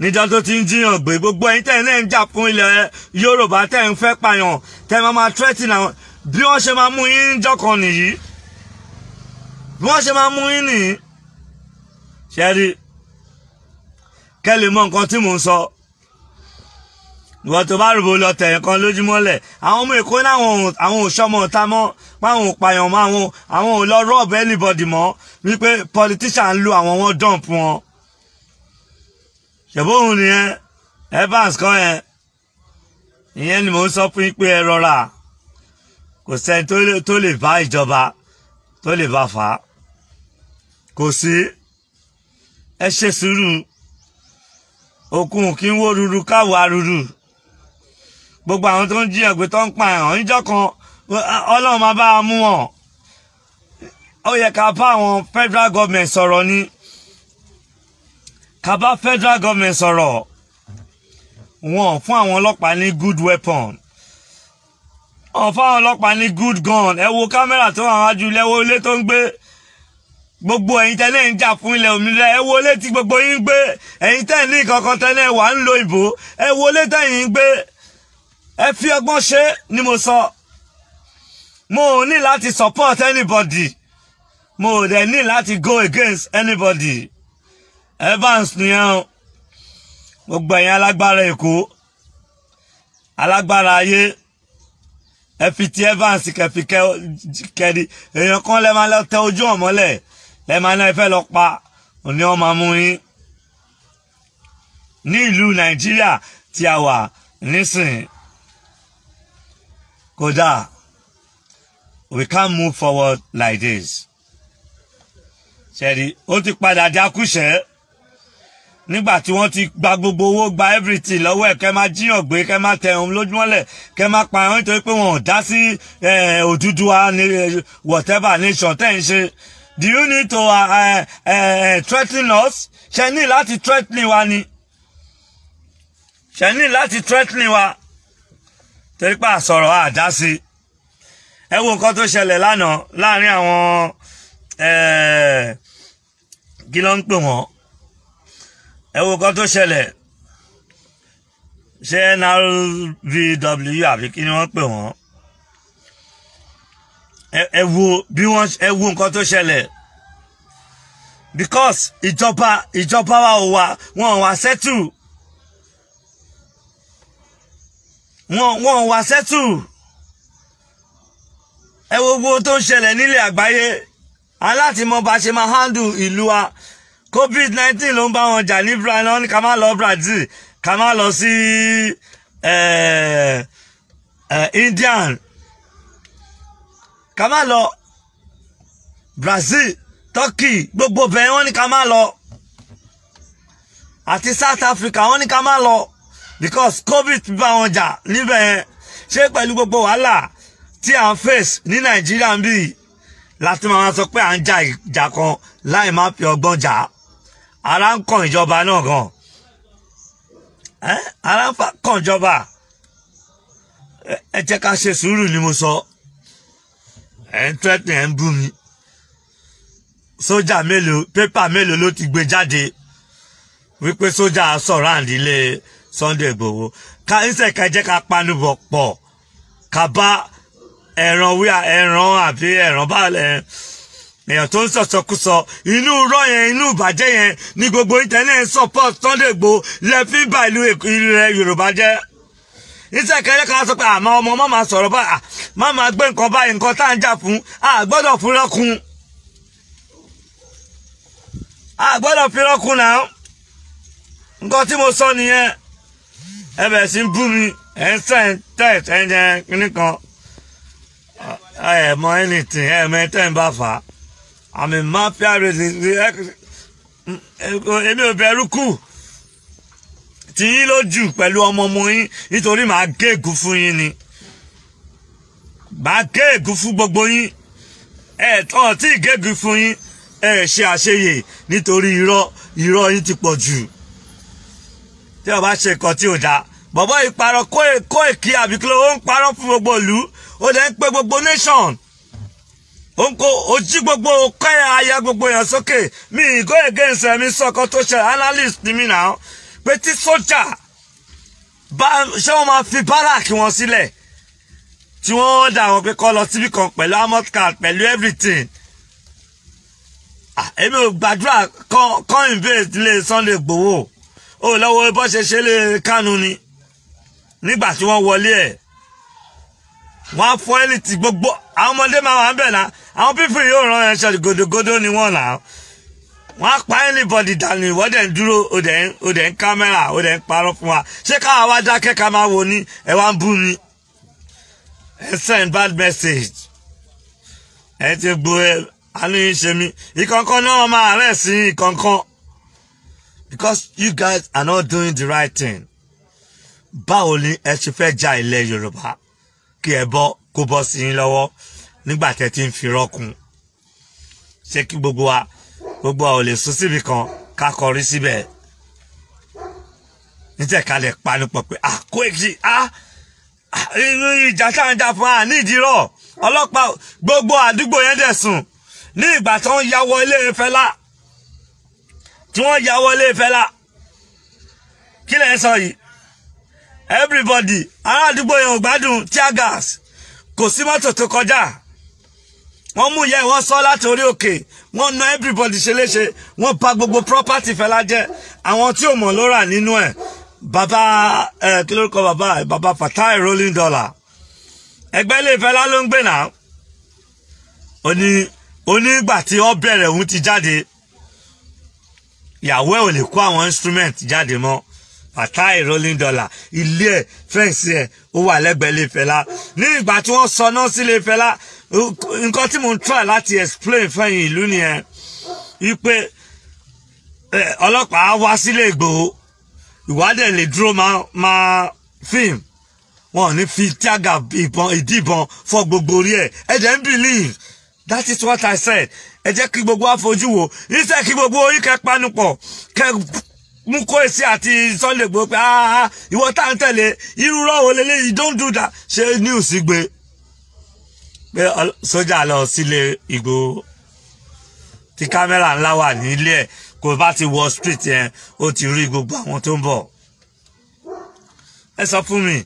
níjọ́ tó ti ń jiyàn gbé gbogbo ẹ̀yin tẹ́yin náà ń jà fún ilẹ̀ Yorùbá tẹ́yin fẹ́ pààyàn tẹ́yin máa máa threatening àwọn bí wọ́n ṣe máa mú yín níjọ́ kan nìyí bí wọ́n ṣe máa mú yín nìyí ṣẹ́rí kẹ́ lè mọ nǹkan tí mò ń sọ ìwọ tó bá rògbò lọ tẹ̀yìn kan lójúmọ́lẹ̀ àwọn ọmọ Èkó náà àwọn ò sọmọ ọ̀tá mọ́ páwọn ò pààyàn mọ́ àwọn ò lọ rọ́ọ̀bù anybody mọ́ wípé politician lu àwọn wọn dump wọn ṣèbóhùn nìyẹn evans kọ́ yẹn ìyẹn ni mò ń sọ fún yín pé ẹ rọra kò sẹ́ni tó lè bá ìjọba tó lè bá fà á kò sí ẹ ṣe sùúrù òkun kí ń wó ruru káwọ́ aruru gbogbo àwọn tó ń jí ẹgbẹ́ tó ń pa ẹ̀hàn níjọ́ kan ọlọ́run máa bá a mú wọn ó yẹ ká bá àwọn federal government sọ̀rọ̀ ni ká federal government sọ̀rọ̀ wọn fún àwọn ọlọ́pàá ní good weapon wọn fún àwọn ọlọ́pàá ní good gun ẹ wo kámẹ́rà tó wà wájú ilé ẹ wo ilé tó ń gbé gbogbo ẹ̀yin tẹ́lẹ̀ ń jà fún ilẹ̀ òmìnira ẹ wo ilé tí gbogbo yín ń gbé ẹ̀yin tẹ́lẹ̀ ní kankan tẹ́lẹ̀ wà ń lo ìbò ẹ wo ilé tẹ́yìn ń gbé ẹ fi ọgbọ́n ṣe ni mo sọ mo ò ní láti support anybody mo ò dẹ̀ ní láti go against anybody. Evans nìyẹn o gbogbo ẹ̀yin alágbára Èkó alágbára ayé ẹ fi ti Evans kẹfì kẹdi èèyàn kan lẹ́ẹ̀ máa lọ tẹ ojú ọ̀mọ́lẹ̀ lẹ́ẹ̀ máa náà ẹ fẹ́ lọ pa òní ọmọ amúyín ní ìlú Nàìjíríà tí a wà nísìnyí kódà we can't move forward like this ṣẹ́ni ó ti padà di akúṣẹ́ nígbà tí wọ́n ti gba gbogbo owó gba everything lọ́wọ́ ẹ̀ kẹ́ máa jíyàn gbé kẹ́ máa tẹ ohun lójúmọ́lẹ̀ kẹ́ máa pa àwọn nítorí pé wọn dá sí eh, Odùduwà eh, whatever nation tẹ́ ń ṣe do you need to uh, eh, threaten us ṣe ní láti threatening wa ni ṣe ní láti threatening wa torí pé àsọ̀rọ̀ àdá sí ẹ wo nǹkan tó ṣẹlẹ̀ lánàá láàrin àwọn kí ló ń pè wọ́n ẹ wo kan to ṣẹlẹ̀ ṣé NRVW àbí kí ni wọ́n pè wọ́n ẹ wo bí wọ́n ẹ wo nǹkan tó ṣẹlẹ̀ because ìjọba ìjọba wa ò wá wọn wá settle wọn wọn wá settle ẹ wo gbogbo tó ń ṣẹlẹ̀ nílẹ̀ àgbáyé aláti mọ bá ṣe máa handle ìlú wa covid nineteen ló ń bá wọn jà ní brazil wọn ní ká má lọ brazil ká má lọ sí eh, eh, indian ká má lọ brazil turkey gbogbo bẹ́ẹ̀ wọ́n ní ká má lọ àti south africa wọ́n ní ká má lọ because covid bá wọn jà níbẹ̀ yẹn ṣé pẹ̀lú gbogbo wàhálà tí à ń face ní nàìjíríà ń bì láti máa sọ pé à ń jà ìjà kan láì má fi ọgbọ́n jà á ara ń kàn ìjọba náà gan ara ń kàn ìjọba ẹ jẹ́ ká ṣe sùúrù ni mo sọ ẹ ń tẹ́tì ẹ ń bú mi sójà mélòó pépà mélòó ló ti gbé jáde wípé sójà sọ̀rọ̀ àǹdílé Sunday Igboho ká ń sẹ̀ka jẹ́ ká panubọ̀ pọ̀ ká bá ẹran wíà ẹran àbí ẹran bá ẹran èèyàn tó ń sọ̀sọ̀kúsọ inú rọ́ yẹn inú ìbàjẹ́ yẹn ní gbogbo internet support Sunday Igboho lẹ́fí bá ìlú ilẹ̀ Yorùbá jẹ́ iṣẹ́ kẹrẹ́ kan sọ pé àmọ́ ọmọ má máa sọ̀rọ̀ bá má máa gbé nǹkan báyìí nǹkan tá à ń jà fún a gbọ́dọ̀ fún lọ́kùn a gbọ́dọ̀ fi lọ́kùn náà nǹkan tí mo sọ nìyẹn ẹ bẹ̀rẹ̀ sí bú mi ẹ̀ ń sẹ́yìn tẹ́ẹ̀ ẹ̀ ń jẹ́ nìkan ẹ̀ mọ anything ẹ̀ ń bá fà á àmì mafia races èmi ò bẹ̀rù kù tí yín ló jù pẹ̀lú ọmọ ọmọ yín nítorí màá géègùn fún yín ni màá géègùn fún gbogbo yín ẹ tán tí géègùn fún yín ẹ ṣe àṣeyè nítorí irọ́ irọ́ yín ti pọ̀ jù tí o ṣe nǹkan tí ò dáa bọ̀bọ́ ìparọ́ kó èkí e, e àbíkúlò ó ń parọ́ fún gbogbo ìlú ó dẹ̀ ń pe gbogbo nation onko ojú gbogbo kọ́yà aya gbogbo yẹn sókè mi go against ẹ̀mí sọ́kọ́ tó ṣe analyst ni mí nà pé tí sójà ṣé wọ́n máa fi báràkì wọn sílẹ̀ tí wọ́n dà wọ́n pé kọ́ lọ síbí kan pẹ̀lú amort card pẹ̀lú everything èmi ò gbàdúrà kan invade lé Sunday Igboho ó lọ́wọ́ bó ṣe ṣe lé Kánú ni nígbà tí wọ́n wọlé ẹ̀ wọ́n á fọ́ ẹ́lìtì gbogbo àwọn ọmọdé máa wà ń bẹ̀ náà àwọn pípì yóò ràn ẹ́ ṣe gòdògòdò ni wọ́n là wọ́n á pa anybody dànù ìwọ́dẹ̀ ń dúró òdẹ̀ ń kámẹ́rà òdẹ̀ ń parọ́ fún wa ṣé káwa wá dákẹ́ ká máa wo ní ẹ wá ń bú ni ẹ send bad message ẹ ti gbó ẹ àánú ṣe mí ìkọ̀ọ̀kan náà wọ́n máa rẹ̀ sí ìkọ̀ọ̀kan because you guys are not doing the right thing báwo ni ẹ ṣe fẹ́ ja ilẹ̀ Yorùbá kí ẹ bọ́ kó bọ́ sí yín lọ́wọ́ nígbà tẹ́ ti ń fi rọ́kun ṣé kí gbogbo wa gbogbo wa ò lè sún síbi kan ká kọrí síbẹ̀ nítẹ̀ ká lè panupọ̀ pé ah Koiki ah, ah inú ìjà tá à ń jà fún wa ah, nídìírọ̀ ọlọ́pàá gbogbo àdúgbò yẹn dẹ̀ sùn ní ìgbà tí wọ́n ya wọ ilé Fẹlá tí wọ́n ya wọ ilé Fẹlá kí lẹ̀ sọ yìí everybody ará àdúgbò yẹn ò gbádùn tear gas kò sí mọ́tò tó kọjá wọ́n mú yẹ wọ́n sọ láti orí òkè wọ́n na everybody ṣe léṣe wọ́n bà gbogbo property Fẹlá jẹ́ àwọn tí ò mọ̀ ló rà nínú ẹ̀ bàbá ẹ kí lórúkọ bàbá ẹ bàbá Fatai rolling dollar ẹgbẹ́ ilé Fẹlá ló ń gbé náà ó ní onígbà tí ó bẹ̀rẹ̀ òun ti jáde ìyàwó ẹ̀ ò lè kó àwọn instrument jáde mọ́ Fatai rolling dollar ilé ẹ̀ fẹ́ǹsì ẹ̀ ó wà lẹ́gbẹ̀ẹ́ ilé Fẹlá ní ìgbà tí wọ́n sọ náà sí ilé Fẹlá nǹkan tí mo ń try láti explain fẹ́yìn ìlú nìyẹn wípé ọlọ́pàá wá sílé Ìgbòho ìwádìí lè dúró máa fíìmù wọn ò ní fi tíága ìbọn ìdìbọn fọ gbogbo orí ẹ̀ ẹ dẹ̀ ń believe that is what I said ẹ jẹ́ kí gbogbo àfojú wo ìṣe kí gbogbo orí kẹ panupọ̀ kẹ Mukosi àti Sunday Igboho pé ah, ìwọ tá à ń tẹ̀lé irú rọ́wọ́ lélẹ́yìí don't do that ṣé news gbé pé sójà lọ sílé Igboho tí kámẹ́rà ńlá wà nílé ẹ̀ kò bá ti wọ street yẹn ó ti rí gbogbo àwọn tó ń bọ̀ ẹ sọ fún mi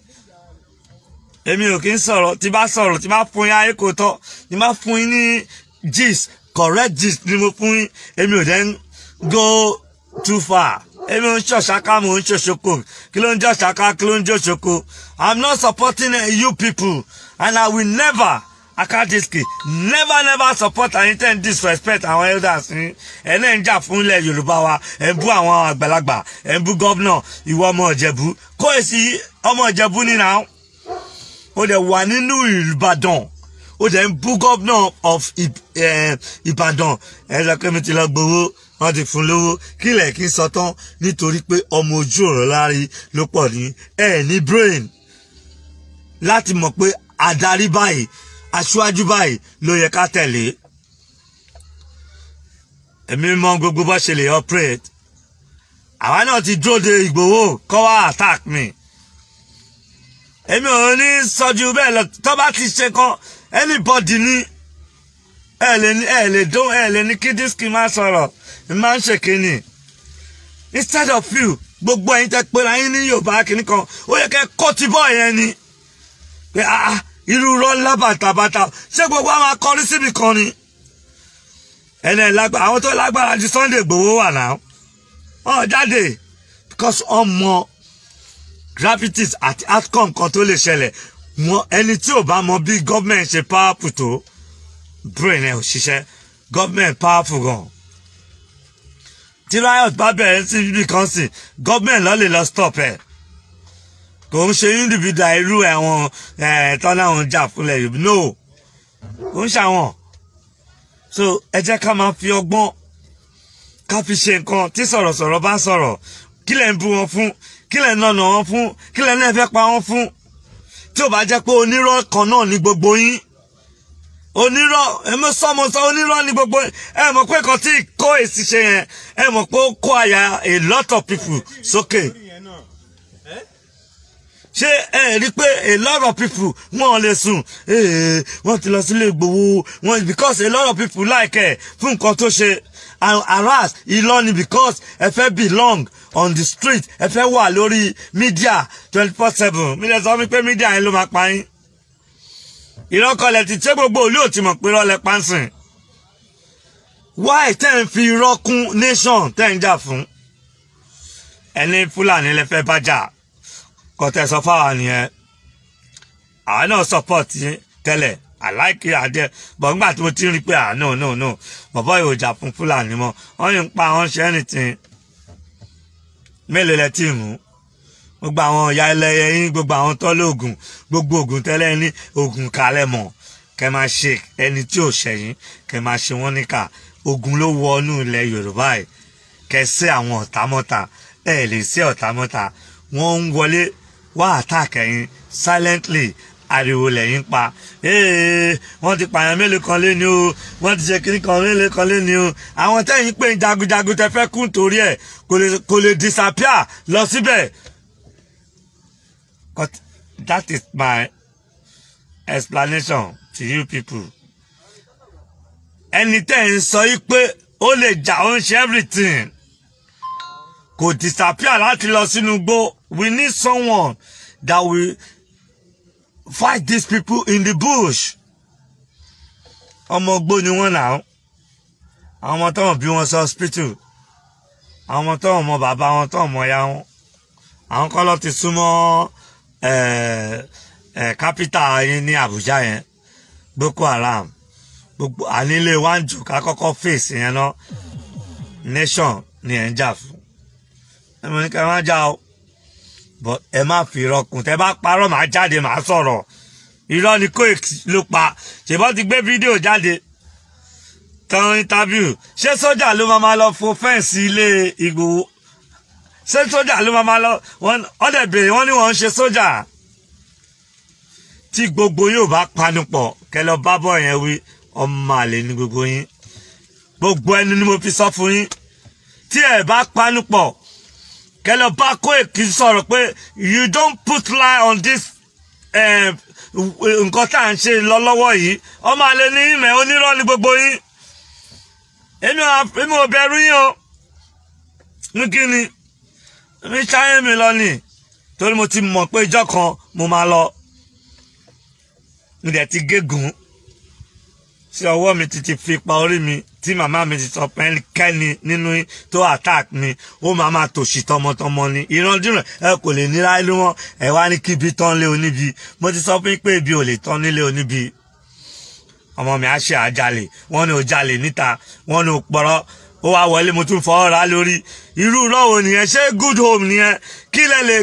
èmi ò kí ń sọ̀rọ̀ tí bá sọ̀rọ̀ tí bá fún yín ayé kò tọ́ tí bá fún yín ní gist correct gist ni mo fún yín èmi ò dẹ́n go too far èmi ń ṣọ̀ṣáká mò ń ṣoṣoko kí ló ń jọ̀ṣáká kí ló ń jọ̀ṣoko i'm not supporting you people and i will never akadiski never never support and intend disrespect àwọn elders ní ẹ̀nẹ́ ń jà fún ilẹ̀ yorùbá wa ẹ̀ ń bú àwọn àgbàlagbà ẹ̀ ń bú gọ́vnà ìwọ ọmọ ìjẹ̀bú kó èsì ọmọ ìjẹ̀bú nínú àwọn ó dẹ̀ wà nínú ìbàdàn ó dẹ̀ ń bú gọ́vnà of eh, ìbàdàn ẹ̀ ń sọ pé mi ti lọ gbowó wọ́n ti fún lówó kílẹ̀ kí n sọ tán nítorí pé ọmọ ojú ọ̀rọ̀ lárí ló pọ̀ ní ẹ̀ ní brain láti mọ̀ pé adarí báyìí aṣíwájú báyìí ló yẹ ká tẹ̀lé èmi mọ̀ gbogbo bá ṣe lè operate àwa náà ti dúró de Ìgbòho kọ́ attack mi èmi ò ní sọjú bẹ́ẹ̀ lọ tó bá ti ṣe kan anybody ní ẹ̀ lè ní ẹ̀ lè dún ẹ̀ lè ní kí dísìkì má sọ̀rọ̀ máa ń ṣe kínní instead of you gbogbo ẹ̀yin tẹ́ pé láyé ní yorùbá kìíní kan ó yẹ kẹ́ kó ti bọ́ yẹn ni pé ah, ah irú rọ́lá bàtàbàtà ṣé gbogbo àwọn akọrin síbi kan ni ẹnẹ lágbára àwọn tó lágbára ju Sunday Igboho wà náà wọn jáde because wọn mọ gravities àti outcome kan tó lè ṣẹlẹ̀ wọn ẹni tí ò bá mọ bí gọ́ọ̀mẹ̀ntì ṣe powerful tó brain ẹ̀ ò ṣiṣẹ́ gọ́ọ̀mẹ̀ntì powerful gan-an tí riot bá bẹ̀rẹ̀ sí ibi kan sí gọ́ọ̀mẹ̀ntì ló lè lọ stop ẹ̀ kò ń ṣe individual irú àwọn tọ́lá àwọn jà fúnlẹ̀ yìí no kò ń ṣàwọn so ẹ jẹ́ ká máa fi ọgbọ́n ká fi ṣe nǹkan tí sọ̀rọ̀sọ̀rọ̀ bá sọ̀rọ̀ kí lẹ̀ ń bú wọn fún kí lẹ̀ ń nọ̀nà wọn fún kí lẹ̀ ń náà fẹ́ pa wọn fún tí ò bá jẹ́ pé onírọ́ kan náà ní gbogbo yín onírọ́ ẹ mọ sọmọ sọ onírọ́ ni gbogbo ẹ mọ̀ pé kan tí kó èsì ṣe yẹn ẹ mọ̀ pé ó kó àyà a lot of people sókè ṣé ẹ rí pé a lot of people wọn lè sùn ee wọn ti lọ sílé Ìgbòho wọn because a lot of people like ẹ fún nǹkan tó ṣe harass Ìlọrin because ẹ fẹ́ belong on the street ẹ fẹ́ wà lórí media twenty four seven mi lè sọ wípé media yẹn ló máa pa yín ìrọ́kọlẹ̀ ti tẹ́ gbogbo òlú òtí mọ̀ pé rọ́lẹ̀ pàǹsìn why tẹ́ ń fi irọ́ kún nation tẹ́ ń jà fún ẹni fúlàní lè fẹ́ bá jà kọ́tẹ́ sọ fáwọn nìyẹn àwọn náà support tẹ́lẹ̀ àláìkè àdẹ bọ̀ǹgbà tí mo ti rí pé ah no no no bọ̀bọ̀ ìhòjà fún fúlàní mọ́ wọ́n yìí ń pa wọ́n ṣe anything mélòó lẹ tí gbogbo àwọn ọ̀yà ẹlẹ́yẹ yín gbogbo àwọn tọ́lé ògùn gbogbo ògùn tẹ́lẹ̀ ní ògùn kalẹ̀ mọ̀ kẹ máa ṣe ẹni tí ò ṣẹ̀yìn kẹ máa ṣe wọ́n níkà ogun ló wọ inú ilẹ̀ yorùbá ẹ̀ kẹ sí àwọn ọ̀támọ́ta ẹ lè sí ọ̀támọ́ta wọ́n ń wọlé wá àtàkẹ́yìn silently ariwo lẹ́yìn pa ee wọ́n ti pààyàn mélòó kan lé ní o wọ́n ti ṣe kiri kan mélòó kan lé ní o àwọn tẹ́yìn pé jagunjagun tẹ fẹ́ kún torí ẹ̀ kò lè disappear lọ síbẹ̀ But that is my explanation to you people. Anything so you sọ yí pé ó lè jà everything kò disappear láti lọ sínú igbó. We need someone that will fight these people in the bush. Ọmọ igbó ni wọ́n now. Àwọn tó wọ́n bí wọn sọ hospital. Àwọn tó wọ́n mọ bàbá wọn tó wọ́n mọ ya wọn. Àwọn kọ́ lọ ti súnmọ́ kápítà yín ní Àbújá yẹn Boko Haram gbogbo ànílé wájú ká kọ́kọ́ fèsì yẹn ná nation ni ẹ̀ ń jà fún ẹ mọ̀ ní ẹ má jà o but ẹ má fi irọ́ kùn tẹ́ bá parọ́ màá jáde màá sọ̀rọ̀ irọ́ ni Koiki ló pa ṣèbọ́n ti gbé fídíò jáde tán interview ṣé sójà ló máa lọ fo fẹ́ǹsì ilé Ìgbòho ṣé sójà ló máa lọ wọ́n dẹ̀ béèrè wọ́n ní wọ́n ń ṣe sójà tí gbogbo yóò bá panupọ̀ kẹ lọ yẹn wí ọmọ àlè ní gbogbo yín gbogbo ẹni ni mo fi sọ fún yín tí ẹ bá panupọ̀ kẹ bá kó èkì sọ̀rọ̀ pé you don't put lie on this eh, nǹkan tá à ń ṣe lọ lọ́wọ́ yìí ọmọ àlè ní ìmẹ̀ onírọ́ ní gbogbo yín èmi ò bẹ̀rù yín o ní kí ni ríṣáyé mi lọ nì torí mo ti mọ̀ pé ìjọ́ kan mo máa lọ mo ti gégùn sí ọwọ́ mi ti ti fi pa orí mi tí màmá mi ti sọ pé kẹ́ni nínú tó attack mi ó máa máa tòṣì tọmọtọmọ ni ìrandíran ẹ kò lè níra inú wọn ẹ wá ní kíbi tán lé oníbi mo ti sọ fún pé ibi ò lè tán nílé oníbi ọmọ mi á ṣe àjálè wọn ni ò jalè níta wọn ni ò pọrọ ó wá wọlé mo tún fọwọ́ ra lórí irú lọ́wọ́ nìyẹn ṣé good home nìyẹn kí lẹ lè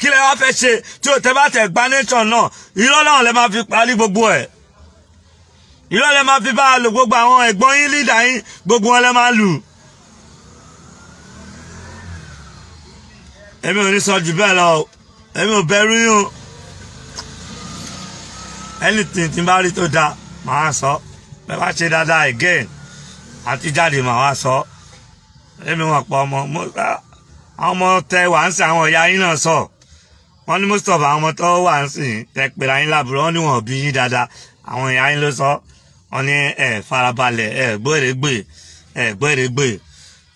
kí lẹ wá fẹ́ ṣe tí o tẹ́ bá tẹ̀ gba nation náà irọ́ náà lẹ máa fi parí gbogbo ẹ̀ irọ́ lẹ máa fi bá a lò gbogbo àwọn ẹ̀gbọ́n yín lídà yín gbogbo wọn lẹ máa lù. èmi ò ní sọ jù bẹ́ẹ̀ lọ èmi ò bẹ̀rù yín o anything tí n bá rí tó dáa màá sọ bẹ́ẹ̀ bá ṣe dáadáa again àti jáde mà wá sọ èmi wọn pọ ọmọ ọmọ tẹ wà ń sìn àwọn ìyá yín náà sọ wọn ní most of àwọn ọmọ tó wà ń sìn tẹ pèrè yín lábúrò wọn ní wọn bí yín dáadáa àwọn ìyá yín ló sọ wọn ní ẹ farabalẹ̀ ẹ gbèrègbè ẹ gbèrègbè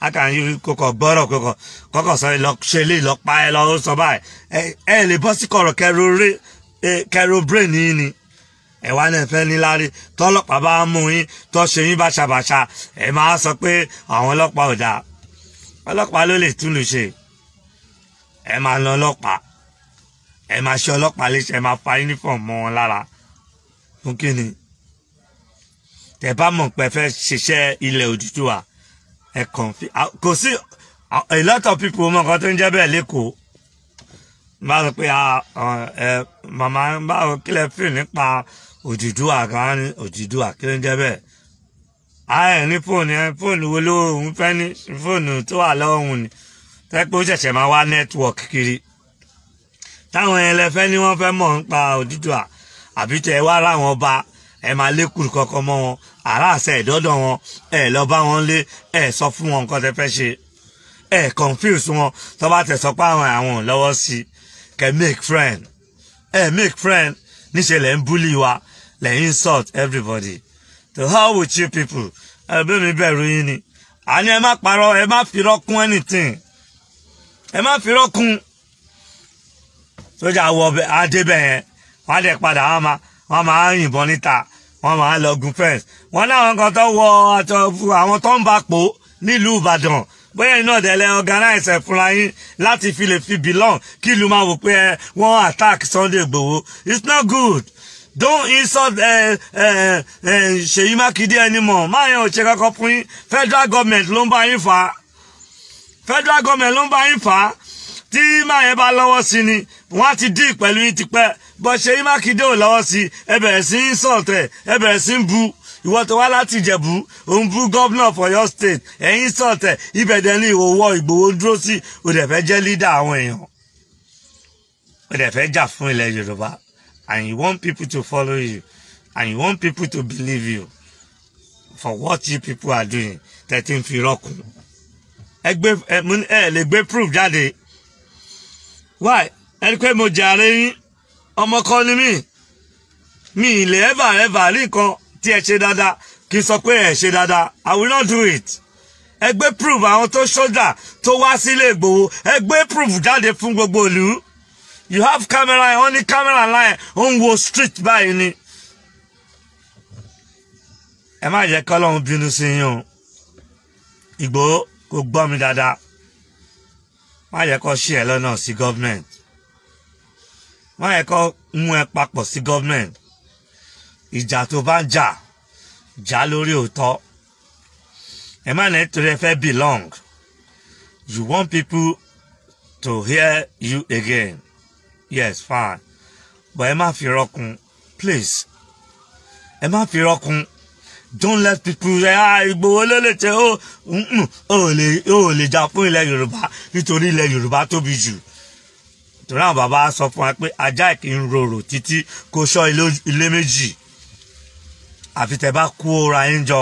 akànyí kókò gbọrọ kókò kókò sọ lọ ṣe lè lọ pa ẹ lọ sọ báyìí ẹ ẹ lè bọ sí kọ̀rọ̀ kẹrò brain yín ni ẹ̀wá náà fẹ́ níláre tọ́lọ́pàá bá mú yín tọ́ ṣe yín báṣabàṣa ẹ̀ máa sọ pé àwọn ọlọ́pàá ò dáa ọlọ́pàá ló lè túlù ṣe ẹ máa lọ ọlọ́pàá ẹ máa ṣe ọlọ́pàá léṣe ẹ máa fa uniform mọ́ wọn lára fún kíni tẹ bá mọ̀ pé fẹ́ ṣiṣẹ́ ilẹ̀ Odùduwà ẹ kàn fi kò sí a lot of people mọ̀ nǹkan tó ń jẹ́ bẹ́ẹ̀ lẹ́kọ̀ọ́ bá sọ pé ah, ah, màmá báwo kílẹ̀ fíìmù nípa Odùduwà kan ní Odùduwà kí ló ń jẹ́ ní fóònù ẹ fóònù wo ló ń fẹ́ ní fóònù tó wà lọ́hùn ni tẹ́ pé ó ṣẹ̀ṣẹ̀ máa wá nẹ́tíwọ̀kì kiri táwọn yẹn lẹ́fẹ́ ni wọ́n fẹ́ mọ̀ nípa Odùduwà àbí tẹ wá ra ba ẹ máa lékùrú kankan mọ́ wọn àràṣẹ ìdọ́dọ̀ wọn ẹ lọ bá wọn lé ẹ sọ fún wọn nǹkan tẹ fẹ́ ṣe ẹ confuse wọn tó bá tẹ sọ pé àwọn àwọn lọ́wọ́ sí kẹ make friend ẹ make friend níṣẹ́ lẹ́ ń búlì wa lè insult everybody to how with you people ẹbí mi bẹ̀rù yín ni àní ẹ má parọ́ ẹ má firọ́ kún anything ẹ má firọ́ kún sójà wọ adébẹ̀ yẹn wọ́n á dẹ̀ padà wọ́n máa wọ́n máa yìnbọn níta wọ́n máa lọ gun fẹ́ǹsì wọ́n láwọn kan tó wọ àwọn tó ń bá pò nílùú ìbàdàn bóyá iná ọ̀dẹ̀lẹ̀ organize ẹ̀ fúnra yín láti fi lè fi belong kí ìlú máa wò pé wọ́n attack Sunday Igboho it's not good don't insult uh, uh, uh, Ṣèyí Mákindé anymore máa yẹn ò ṣe kankan fún yín federal government ló ń bá yín fà federal government ló ń bá yín fà á tí máa yẹn bá lọ́wọ́ sí ni wọ́n á ti díì pẹ̀lú yín tipẹ́ bọ́ Ṣèyí Mákindé ò lọ́wọ́ sí ẹ bẹ̀rẹ̀ sí insult ẹ ẹ bẹ̀rẹ̀ sí bu ìwọ tó wá láti Ìjẹ̀bú òun bú gómìnà for your state ẹ insult ẹ ibẹ̀ dẹ̀ ní ìwòwò Ìgbòho dúró sí òdẹ̀fẹ́ jẹ́ leader àwọn èèyàn òdẹ̀fẹ́ jà fún ilẹ̀ Yorùbá and you want people to follow you and you want people to believe you for what you people are doing tẹ̀tí ń fi rọ́kùn ẹ gbé ẹ lè gbé proof jáde why ẹni pé mo jẹ ààrẹ yín ọmọ kan ni mí mi ilẹ̀ ẹ̀bà ẹ̀bà rí nǹkan tí ẹ ṣe dáadáa kì í sọ pé ẹ ṣe dáadáa I will not do it ẹ gbé proof àwọn tó ṣọ́jà tó wá sílé Ìgbòho ẹ gbé proof jáde fún gbogbo ìlú you have camera yẹn wọ́n ní camera line ó ń wo street by ni. Am I the kọ́lọ́hún of sí yín o Ìgbòho kò gbọ́ mi dáadáa má yẹ kó ṣí ẹ lọ́nà sí gọ́ọ̀mẹ̀ntì má yẹ kó mú ẹ papọ̀ sí gọ́ọ̀mẹ̀ntì ìjà tó bá ń jà to. lórí òótọ́ ẹ má belong you want people to hear you again yes fine but ẹ má fi rọkun please ẹ má fi rọkun don't let people say ah Ìgbòho ló lè tẹ ó ó lè ó lè jà fún ilẹ̀ Yorùbá nítorí ilẹ̀ Yorùbá tóbi jù torí àwọn bàbá sọ fún wa pé ajá kì í rorò títí kó ṣọ́ ilé méjì àfi tẹ bá kú ọra yín jọ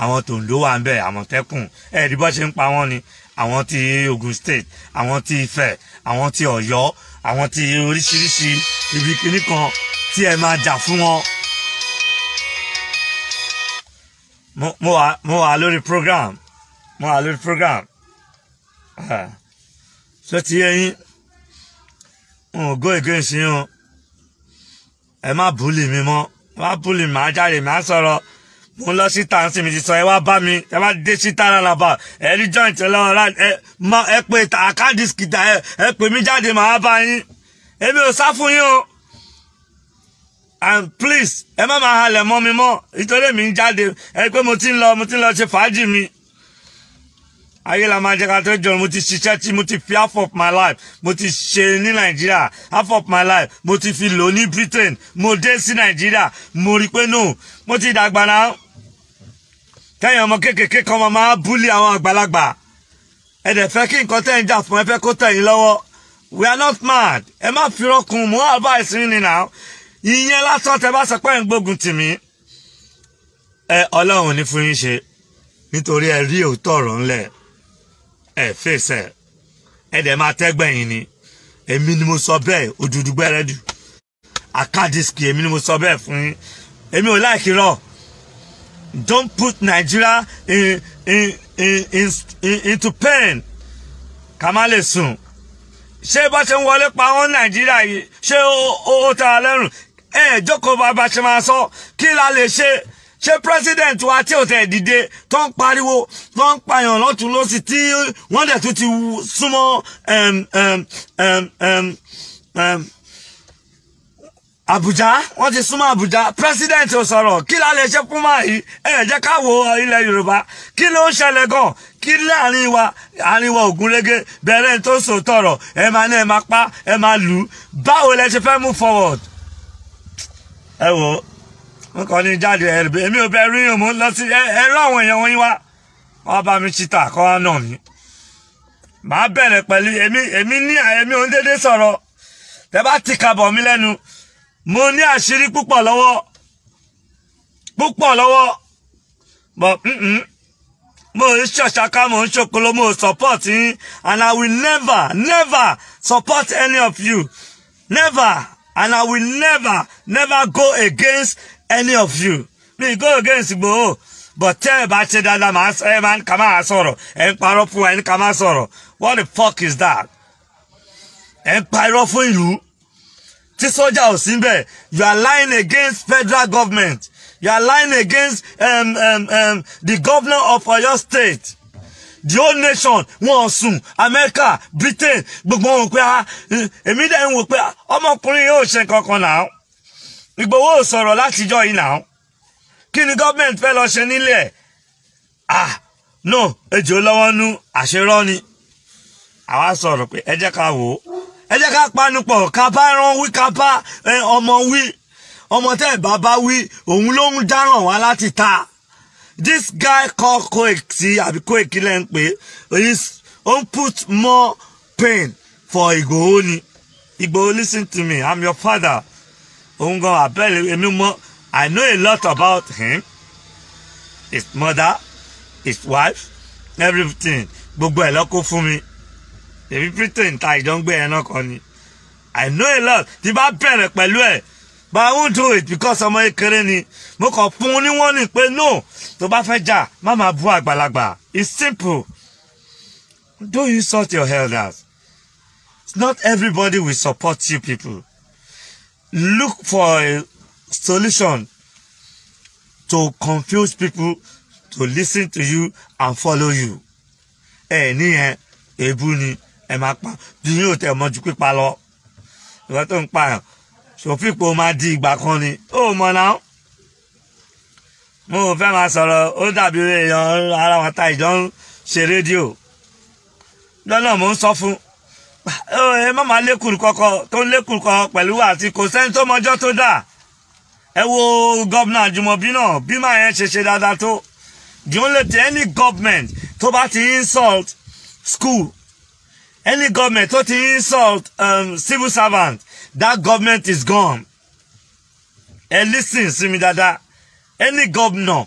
àwọn tòǹdó wà ń bẹ àmọ̀tẹ́kùn ẹ̀ẹ́dì bọ́ ṣe ń pa wọ́n ni àwọn ti Ogun State àwọn ti Ifẹ̀ àwọn ti Ọ̀yọ́ àwọn ti oríṣiríṣi ibi kíní kan tí ẹ máa jà fún wọn. mo wà lórí program mo wà lórí program ah, ṣé ti ẹyin n ò go against yín o ẹ má búlì mi mọ́ má búlì má jáde má sọ̀rọ̀ mo lọ sí tàǹsì mi ti sọ ẹ wá bá mi ẹ bá dé sí tààrà làbà ẹ rí joint ẹ lọ́wọ́ ẹ má ẹ pé àkádìsíkìtà ẹ ẹ pè mí jáde màá bá yín èmi ò sá fún yín o and please ẹ má máa halẹ̀ mọ́ mi mọ́ nítorí mi ń jáde ẹ pé mo ti ń lọ mo ti ń lọ ṣe fàájì mi ayé la máa jẹ ká tó jọ mo ti ṣiṣẹ́ tí mo ti fi half of my life mo ti ṣe ní nàìjíríà half of my life mo ti fi lò ní britain mo dé sí nàìjíríà mo rí pé no mo ti dàgbà náà kẹ́yìn ọmọ kéékèèké kan máa máa búlì àwọn àgbàlagbà ẹ dẹ̀ kí nǹkan tẹ̀yìn jà fún ẹ kó tẹ̀yìn lọ́wọ́ we are not mad ẹ má fi rọ́kùn mú advice yín ni now ìyẹn lásán tẹ bá sọ pé ẹ̀ ń gbógun tì mí ẹ ọlọ́run ní fún yín ṣe nítorí ẹ rí òótọ́ ọ̀rọ̀ ńlẹ̀ ẹ fèsẹ̀ ẹ dẹ̀ máa tẹ́gbẹ̀yìn ni èmi ni mo sọ bẹ́ẹ̀ òdùdú gbẹ́rẹ́dù àkádìsíkì èmi ni mo sọ bẹ́ẹ̀ fún yín èmi ò láìkí rọ̀ Don't put Nigeria in, in, in, in, in, into pain. Ká soon. lè sùn. Ṣé bá ṣe ń wọlé pa wọ́n Nàìjíríà yìí? Ṣé ó ta lẹ́rùn? Ẹ jókòó bàbá ṣe máa sọ. Kí la lè ṣe? Ṣé president wa tí ò tẹ̀ dìde tó ń pariwo tó ń pààyàn lọ́tún lọ́sí tí wọ́n dẹ̀ tún ti súnmọ́ Àbújá wọ́n ti súnmọ́ Àbújá president ò sọ̀rọ̀ kí la lè ṣe fún báyìí ẹ jẹ́ ká wo ilẹ̀ Yorùbá kí ló ń ṣẹlẹ̀ gan kí láàrin wa àárín wa ògúnrégé bẹ̀rẹ̀ tó sò tọrọ ẹ máa ní ẹ máa pa ẹ máa lù ú báwo lẹ ṣe fẹ́ move forward. ẹ wo n kàn ní jáde èmi ò bẹ rí yàn mú lọ sí ẹ rán àwọn èèyàn wọn yín wá wọn bá mi ṣìtà kọ́ wá nà mí. màá bẹ̀rẹ̀ pẹ̀lú èmi èmi ní èmi òun déédéé sọ̀rọ̀ tẹ bá ti kàbọ̀ mi lẹ́nu mo ní àṣírí púpọ̀ lọ́wọ́ púpọ̀ lọ́wọ́ but mm-mm, mo ń ṣọ̀ṣàká mo ń ṣokolo mo support yín and I will never never support any of you never and I will never never go against any of you mi go against Igboho but tẹ́ ẹ bá ṣe dáadáa máa sọ ẹ máa ń kà máa sọ̀rọ̀ ẹ ń parọ́ fún wa ẹ ń kà máa sọ̀rọ̀ what the fuck is that ẹ ń parọ́ fún ìlú tí sọ́jà ò sí bẹ́ẹ̀ you are lying against federal government you are lying against um, um, um, the governor of Oyo state the whole nation wọn sùn America Britain gbogbo wọn pé ah, èmi dẹ̀ ń wò pé ah, ọmọkùnrin yóò ṣe kankan náà Ìgbòho ò sọ̀rọ̀ látijọ́ yìí náà kí ni gọ́ọ̀mẹ̀ntì fẹ́ lọ ṣe nílẹ̀ ah no ejò lọ́wọ́ nú àṣerọ́ ni àwa sọ̀rọ̀ pé ẹ jẹ́ ká wò ó ẹ ká panupọ̀ kápá ẹran wí kápá ọmọ wí ọmọ tẹ́ bàbá wí òun ló ń dáràn wá láti ta this guy call Koiki àbí Koiki lẹ́ ń pè ó put more pain for Ìgbòho ni Ìgbòho listen to me I'm your father òun gan abẹ́lẹ̀ èmi mọ́ I know a lot about him his mother his wife everything gbogbo ẹ̀ lọ́kọ́ fún mi èmi britain ta ìdánwò yẹn náà kọ́ ni i know a lot tí bá bẹ̀rẹ̀ pẹ̀lú ẹ̀ but i won't do it because ọmọ ekere ni mo kàn fún un ní wọ́n ní pé no tó bá fẹ́ jà má máa bú àgbàlagbà it's simple don't insult your elders not everybody will support you people look for a solution to confuse people to listen to you and follow you ẹ ní yẹn èébú ni ẹ máa pa ju yóò tẹ̀ mọ́ ju pípa lọ ìwọ tó ń pààyàn sòfìpò máa di ìgbà kan ni ó mọ̀ náà mo fẹ́ máa sọ̀rọ̀ ó dàbí èèyàn ara wọn ta ìjọ ń ṣe rédíò lọ́nà mò ń sọ fún ẹ má máa lékùn kọkọ tó ń lékùn kọ pẹ̀lú àti kò sẹ́ni tó mọjọ́ tó dà ẹ wo gọ́vnà Àjùmọ̀bí náà bí màá yẹn ṣe ṣe dáadáa tó the only thing any government tó bá ti insult school any government tó ti insult um, civil servant that government is gone ẹ listen sí mi dáadáa any governor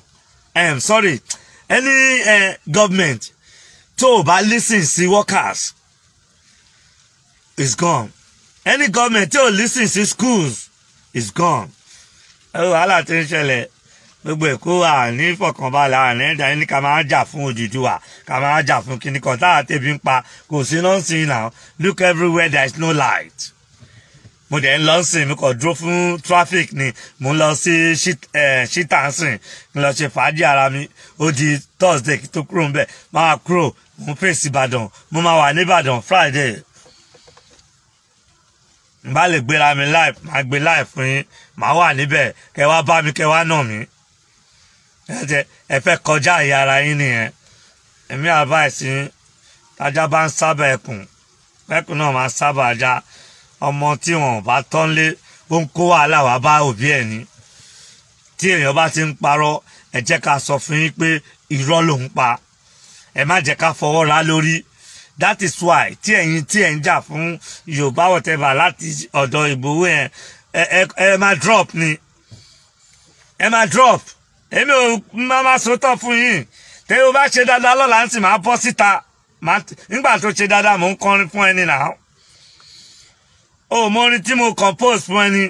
um, sorry any uh, government tó By bá listen sí workers is gone any government tí o listen sí schools is gone Oh, all attention ṣẹlẹ̀ gbogbo èkó àní fọkànbalẹ̀ àní ẹ̀dá ní ká máa jà fún Odùduwà ká máa jà fún kíní kan táà tẹ̀bí ń pa kò sí nọ́ọ̀sìn náà look everywhere there is no light mo dẹ̀ ń lọ sìn mi kò dúró fún traffic ni mo ń lọ sí ṣítà ń sìn ń lọ ṣe fàájì ara mi ó di Thursday kí tó kúrò ń bẹ̀ máa kúrò mo fèsì Ìbàdàn mo máa wà ní Ìbàdàn Friday n bá lè gbéra mi live máa gbé live fún yín màá wà níbẹ̀ kẹ wá bá mi kẹ wá nà mí ẹ fẹ́ kọjá àyè ara yín nìyẹn èmi advice yín tájá bá ń sábà ẹkùn ẹkùn náà máa sábà já ọmọ tí wọn bá tán lé ó ń kó wàhálà wá bá òbí ẹ̀ ni tí èèyàn bá ti ń parọ́ ẹ jẹ́ ká sọ fún yín pé irọ́ ló ń pa ẹ má jẹ́ ká fọwọ́ ra lórí that is why tí ẹ̀yin tí ẹ̀ ń jà fún yorùbá whatever láti ọ̀dọ̀ ìgbòho yẹn ẹ má drop ni ẹ má drop. emi o máa ma so tọ fún yín tẹ o bá ṣe dáadáa lọ́la ń sì máa bọ́ síta nígbà tó ṣe dáadáa mò ń kọrin fún ẹni náà o mo orin tí mo compose fún ẹni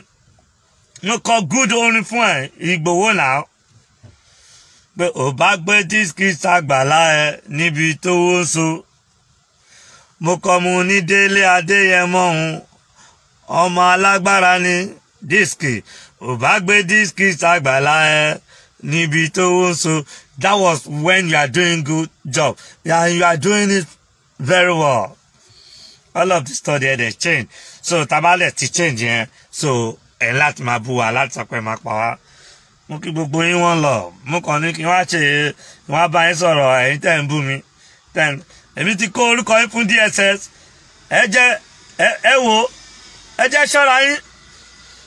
mo kọ good orin fún ẹ Ìgbòho náà pé o bá gbé disiki sàgbàlá ẹ níbi tó wó so mo kọ mu ní délé adéyẹmọ òun ọmọ alágbára ní disiki o bá gbé disiki sàgbàlá ẹ. níbi tó ń so that was when you are doing good job and you are doing it very well all of the study ẹ̀ dẹ̀ change so tabalẹ̀ ti change yẹn so ẹ̀ láti máa bú wa láti sọ pé máa pa wá mo kí gbogbo yín wọ́n lọ mo kàn ní kí wọ́n á ṣe wọ́n á bá yín sọ̀rọ̀ ẹ̀yin tẹ̀ ń bú mi tẹ̀ èmi ti kó orúkọ yín fún DSS ẹ jẹ́ ẹ wò ẹ jẹ́ ṣọ́ra yín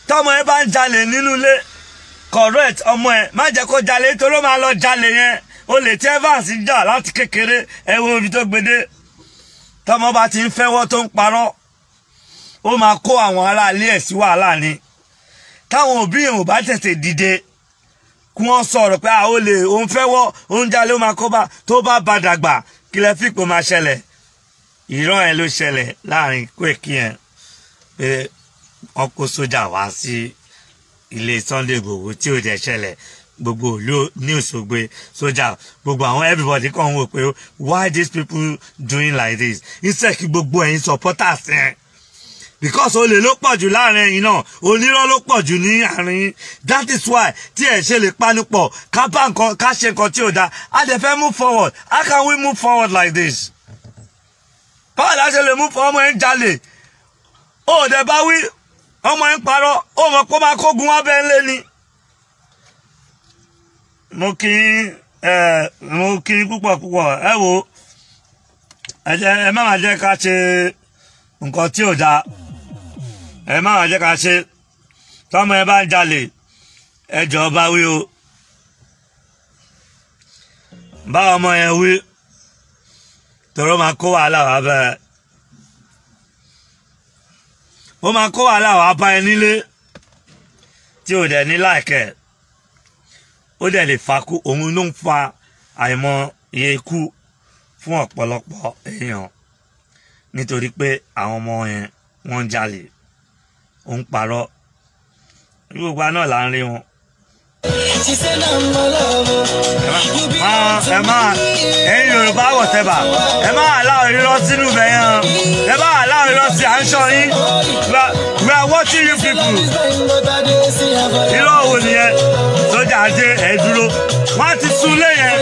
tọ́mọ ẹ bá ń jalè nínú ilé correct ọmọ ẹ má jẹ́ kó jalè nítorí ó máa lọ jalè yẹn o lè tí Evans jà láti kékeré ẹ wo ibi tó gbede tọmọ bá ti ń fẹ́wọ́ tó ń parọ́ ó máa kó àwọn aráalé ẹ̀ sí wàhálà ni táwọn òbí yẹn ò bá tètè dìde kí wọ́n sọ̀rọ̀ pé àwọn olè òun fẹ́wọ́ òun jalè ó máa kó bá tó bá badàgbà kí lẹ fi pò máa ṣẹlẹ̀ ìran ẹ̀ ló ṣẹlẹ̀ láàrin Koiki yẹn pé wọ́n kó sójà wá sí. Si ilé Sunday Igboho tí ò dẹ̀ ṣẹlẹ̀ gbogbo ìlú ní Òṣogbo sójà gbogbo àwọn everybody kan wò pé why these people doing like this instead kí gbogbo ẹ̀yin supporters ẹ̀ because olè ló pọ̀ jù láàrin ẹ̀yin náà onírọ́ ló pọ̀ ní àárín that is why tí ẹ̀ ṣe lè panupọ̀ ká bá nǹkan ká ṣe nǹkan tí ò dáa a dẹ̀ fẹ́ move forward how can we move forward like this báwo la ṣe lè move forward ọmọ ẹ̀ ń jalè ó dẹ̀ bá wí ọmọ ń parọ́ ó mọ̀ pé ó máa kógun ni. mo kí mo kí púpọ̀ púpọ̀ ẹ wo ẹ má máa jẹ́ ká ṣe nǹkan tí ò dáa ẹ má máa jẹ́ ká ṣe tọ́mọ ẹ bá ń jalè ẹ jọ bá wí o bá ọmọ yẹn wí tọrọ ó máa kó wàhálà wàá bá ẹ nílé tí ò dẹ̀ ní láìkẹ́ ó dẹ̀ lè fa kú òun ló ń fa àìmọ̀ iye ikú fún ọ̀pọ̀lọpọ̀ èèyàn nítorí pé àwọn ọmọ yẹn wọ́n jalè ó ń parọ́ gbogbo àná là ń rí wọn ẹ máa ẹ̀yin yorùbá wọ̀tẹ́bà ẹ máa láwọn irọ́ sínú bẹ̀yẹn ẹ máa láwọn irọ́ sí à ń ṣọ́ yín we are watching you people irọ́ wo nìyẹn sójà ajé ẹ̀ dúró wọ́n ti sun lé yẹn.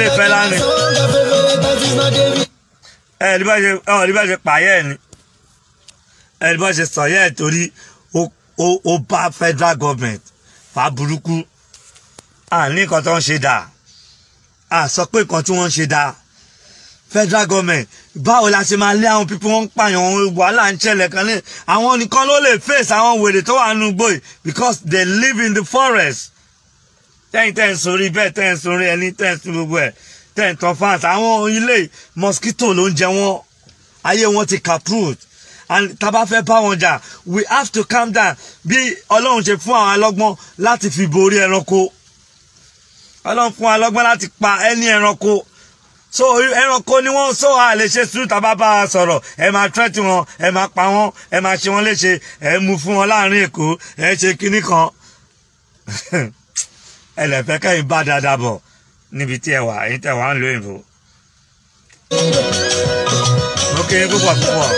lè fẹ́ láàrin ẹ ní bá ṣe ọ ní ṣe pààyẹ ni ẹ ní ṣe sọyẹ torí ó bá federal government fà burúkú àní nǹkan tó ń ṣe dà à sọ pé nǹkan tí wọ́n ń ṣe dà federal government báwo la ṣe máa lé àwọn pípọ́ wọn ń pààyàn wàhálà ń ṣẹlẹ̀ kan ní àwọn nìkan ló lè face àwọn wèrè tó wà nínú gbòì because they live in the forest tẹ́yìn tẹ́yìn sórí bẹ́ẹ̀ tẹ́yìn sórí ẹni tẹ́yìn sórí gbogbo ẹ̀ tẹ́yìn tán fans àwọn ilé mosquito ló ń jẹ wọ́n ayé wọn ti caput and taba fẹ́ bá wọn jà we have to calm down bí ọlọ́run ṣe fún àwọn alọ́gbọ́n láti fi borí ẹranko ọlọ́run fún àwọn alọ́gbọ́n láti pa ẹni ẹranko so ẹranko ni wọn So a lè ṣe sùúrù tàbá bá a sọ̀rọ̀ ẹ máa tẹ́tí wọn ẹ máa pa wọn ẹ máa ṣe wọn léṣe ẹ mú fún wọn láàrin èkó ẹ ṣe kinní kan ẹlẹ́fẹ́ kẹ́yìn bá dáadáa bọ̀ níbi tí ẹ wà èyí tẹ̀ wá ń lo òyìnbó. mo kéré púpọ̀ púpọ̀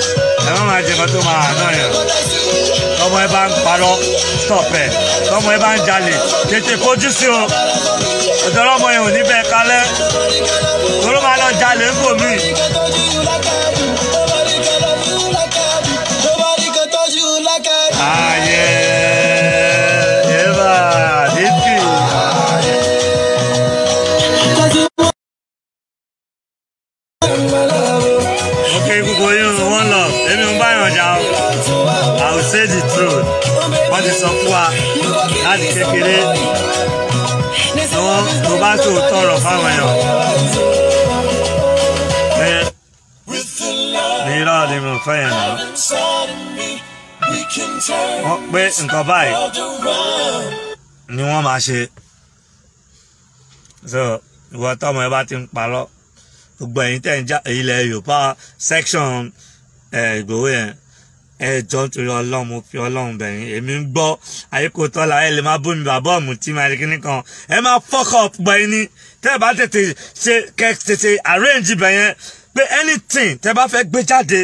ẹ má máa jẹ́ mọ́tò máa náà yẹn tọmọ ẹ bá ń parọ́ stop ẹ tọmọ ẹ bá ń jalè tètè kojú sí o ìtọ́lọ́mọ yẹn ò ní bẹ́ẹ̀ kalẹ́ toró máa lọ jalè ń bò mí. nǹkan báyìí ni wọ́n máa ṣe so ìwọ tọmọ ẹ bá ti ń parọ́ gbogbo ẹ̀yin tẹ̀ ń já ilẹ̀ Yorùbá section eh, Ìgbòho yẹn ẹjọ́ nítorí ọlọ́run mo fi ọlọ́run bẹ̀yìn èmi ń gbọ́ ayékòtọ́lá ẹ lè máa bú mi bàbá ọ̀mù tí máa rí kíní kan ẹ máa fuck up gbẹ̀yìn ni tẹ́ ẹ bá tètè ṣe kẹ́ tètè arrange bẹ̀yẹn pé anything tẹ́ bá fẹ́ gbé jáde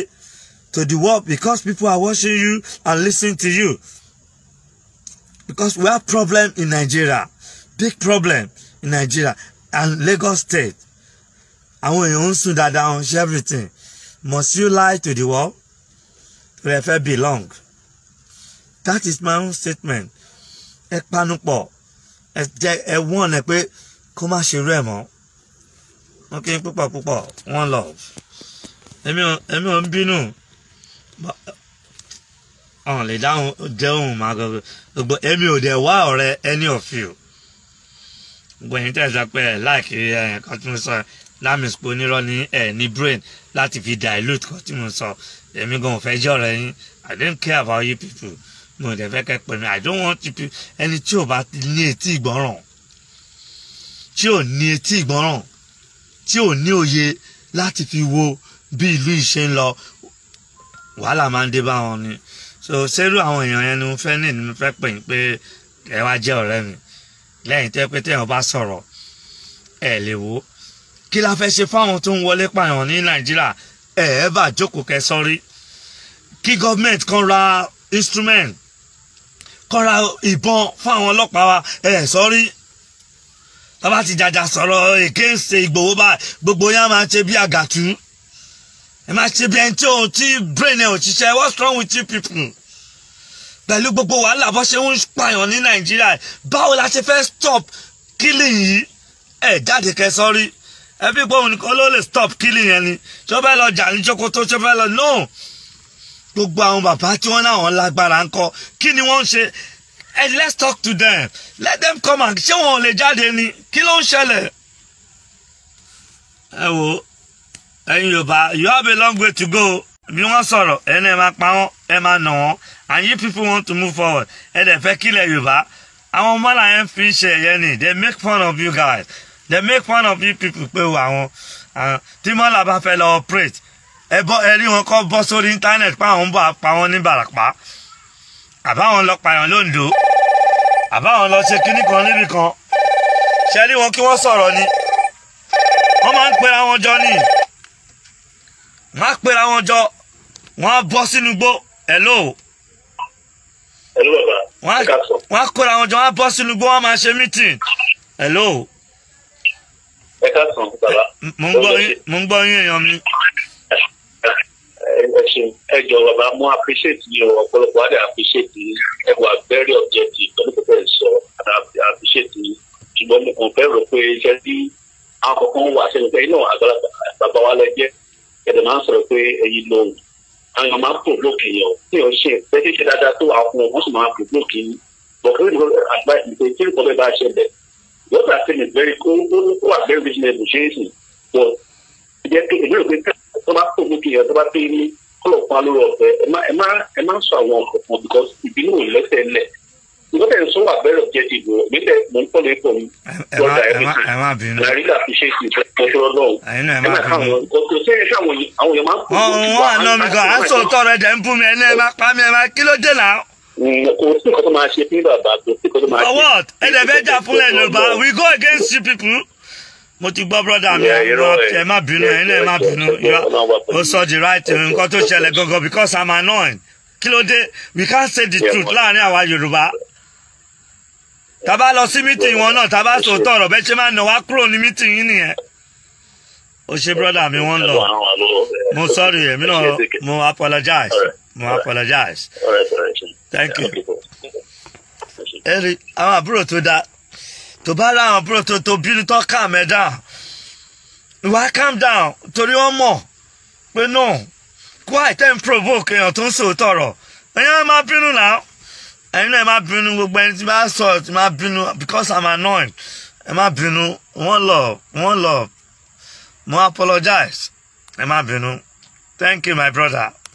to the world because people are watching you and listening to you because we have problem in Nigeria big problem in Nigeria and Lagos state àwọn èèyàn ń sùn dáadáa on everything must you lie to the world to refer belong that is my own statement ẹ panupọ̀ ẹ jẹ ẹ wọ́n ẹ pé kó má ṣe rú ẹ̀ mọ́ wọn kí n púpọ̀ púpọ̀ one love èmi ò ń bínú ọ̀n lè dáhùn jẹun máa gbọ́ gbogbo èmi ò dẹ̀ wá ọ̀rẹ́ any of you gbogbo ẹ̀yin tẹ̀ sọ pé ẹ̀ láìkí ẹ̀yìn kan tí mo sọ láàmì sùpò onírọ́ ní ẹ̀ ní brain láti fi dilute kan tí mo sọ èmi gan ò fẹ́ jẹ́ ọ̀rẹ́ yín I don't care about you people mo dẹ̀ fẹ́ kẹ́ pè mí I don't want you people ẹni tí ò bá ní etí ìgbọ́ràn tí ò ní etí ìgbọ́ràn tí ò ní òye láti fi wo bí ìlú ìṣe ń lọ wàhálà máa ń dé bá wọn ni so sẹ́rù àwọn èèyàn yẹn ni mo fẹ́ ní mo fẹ́ pè yín pé ẹ wá jẹ́ ọ̀rẹ́ mi lẹ́yìn tẹ́ pé téèyàn bá sọ̀rọ̀ ẹ lè wò ó kí la fẹ́ ṣe fáwọn tó ń wọlé pààyàn ní nàìjíríà ẹ ẹ bá jókòó kẹ sọrí kí gọ́ọ̀mẹ̀ntì kan ra instrument kan ra ìbọn fáwọn ọlọ́pàá wa ẹ sọrí bàbá ti jàjà sọ̀rọ̀ èké ń ṣe ìgbòho bá gbogbo yẹn máa ṣe bí àgàtú ẹ máa ṣe bí ẹni tí òun ti brain ẹ ò ṣiṣẹ́ what's wrong with you people pẹ̀lú gbogbo wàhálà bó ṣe ń pààyàn ní nàìjíríà báwo la ṣe fẹ́ stop killing yìí ẹ̀ jáde kẹ sọ́rí ẹbí gbóhùn nìkan ló lè stop killing yẹn ni ṣé ó fẹ́ lọ jà ní ṣòkòtò ṣé ó fẹ́ lọ no gbogbo àwọn bàbá tí wọ́n náà wọ́n lágbára ń kọ́ kí ni wọ́n ń ṣe hey let's talk to them let them come and ṣé wọn ò lè jáde ni kí ló ń ṣẹlẹ̀ ẹ wo ẹ̀yin yorùbá you have a long way to go bí wọ́n sọ̀rọ̀ ẹni ẹ máa pa wọ́n ẹ máa nà wọ́n and you people want to move forward ẹ dẹ̀ fẹ́ kílẹ̀ yorùbá àwọn ọmọ làyẹn fi ṣe ẹ̀yẹ ni they make fun of you guys they make fun of you people pé o àwọn tí mọ́là bá fẹ́ lọ operate ẹ bọ́ ẹ rí wọn kọ́ bọ́ sórí internet pé àwọn ń bọ̀ pa wọ́n ní Ìbàràpá àbáwọn lọ pààyàn lóńdó àbáwọn lọ ṣe kinní kan níbì kan ṣe rí wọn kí wọ́n sọ̀rọ̀ ni wọ́n máa ń pera wọn jọ ni wọ́n pera wọn jọ wọ́n á bọ́ sínú igbó hello. hello bàbá ẹ ká sọ. wọ́n á kóra wọn jọ wọ́n á bọ́ sínú igbó wọ́n á máa ṣe meeting hello. ẹ ká sọ bàbá. mo ń gbọ́ yín mo ń gbọ́ yín èèyàn mi. ẹ ṣe ẹ jọ bàbá mo appreciate yín o ọ̀pọ̀lọpọ̀ àdé appreciate yín ẹ wà very objective pẹ̀lú pẹ̀lú ẹ̀ sọ àdé appreciate yín ṣùgbọ́n mo kàn fẹ́ rò pé iṣẹ́ tí àwọn kọ̀ọ̀kan wà sẹ́nu pé iná àgbàlagbà bàbá wa lẹ jẹ́ ẹ̀dẹ̀ máa ń sọ̀rọ̀ pé ẹ̀yin lóhùn àwọn èèyàn máa ń pò lókè yẹn o tí yóò ṣe bẹ́ẹ̀ tí ṣe dáadáa tó àwọn ọmọ sì máa pò lókè yìí bọ̀kúrú ìdúró àgbà ìpè tí nǹkan bẹ́ẹ̀ bá ṣẹlẹ̀ lọ́tà sí ni very ó ó wà very reasonable ṣe é sì bọ̀ ìjẹ́ pé ìlú ìpè tó bá pò lókè yẹn tó bá pé ní kọ́lọ̀ pa lórí ọ̀fẹ́ ẹ má ẹ má sọ àwọn ọ̀kọ̀ọ̀kan because ìbínú ò lẹ́sẹ̀ lẹ̀ ìgbọ́n tẹ̀ ń sún àbẹ̀rẹ̀ objective rẹ̀ mi tẹ̀ mò ń pọ̀ lé pọ̀ mi lọ́dà everything nàrí là fi ṣe ìfẹ́ ìfẹ́ ọlọ́run ẹ máa káwọn kò sẹ́yìn sí àwọn àwọn èèyàn máa ń kó lójú wa. ọ̀hún mi kan aṣọ rẹ̀ dẹ̀ ń bú mi ẹ lẹ́ẹ̀ máa pa mi ẹ máa kí ló dé náà. Mm, kò sí nǹkan tó máa ṣe fún bàbá kò sí nǹkan tó máa ṣe. ọwọ́ ẹ̀dẹ̀ bẹ́ẹ̀ jà fún ẹ̀ lóba we go against you people mo ti gbọ́ brọ́dà mi ẹ má bínú ẹ náà ẹ má bínú ó sọ the right nǹkan tó ṣẹlẹ̀ gangan because I'm annoyed kí ló dé we can't say the truth láàrin àwa Yorùbá tàbá lọ sí mítìn wọn náà tàbá sòótọ́ ọ̀rọ̀ bẹ́ẹ̀ ṣe máa nà wá kúrò ní mítìn yín nìyẹn. ó ṣe brọ́dà mi wọ́n lọ mo sorry èmi náà mo apologize mo apologize thank you. eri àwọn àbúrò tó dáa tó bá rà àwọn àbúrò tó tó bínú tó calm ẹ down wá calm down torí wọ́n mọ̀ pé no quiet and provoke èèyàn tó ń sòótọ́ ọ̀rọ̀ èèyàn máa bínú náà ẹni náà ẹ má bínú gbogbo ẹni tí bá sọ ẹ má bínú because i'm annoyed ẹ má bínú one love one love mo apologize ẹ má bínú thank you my brother.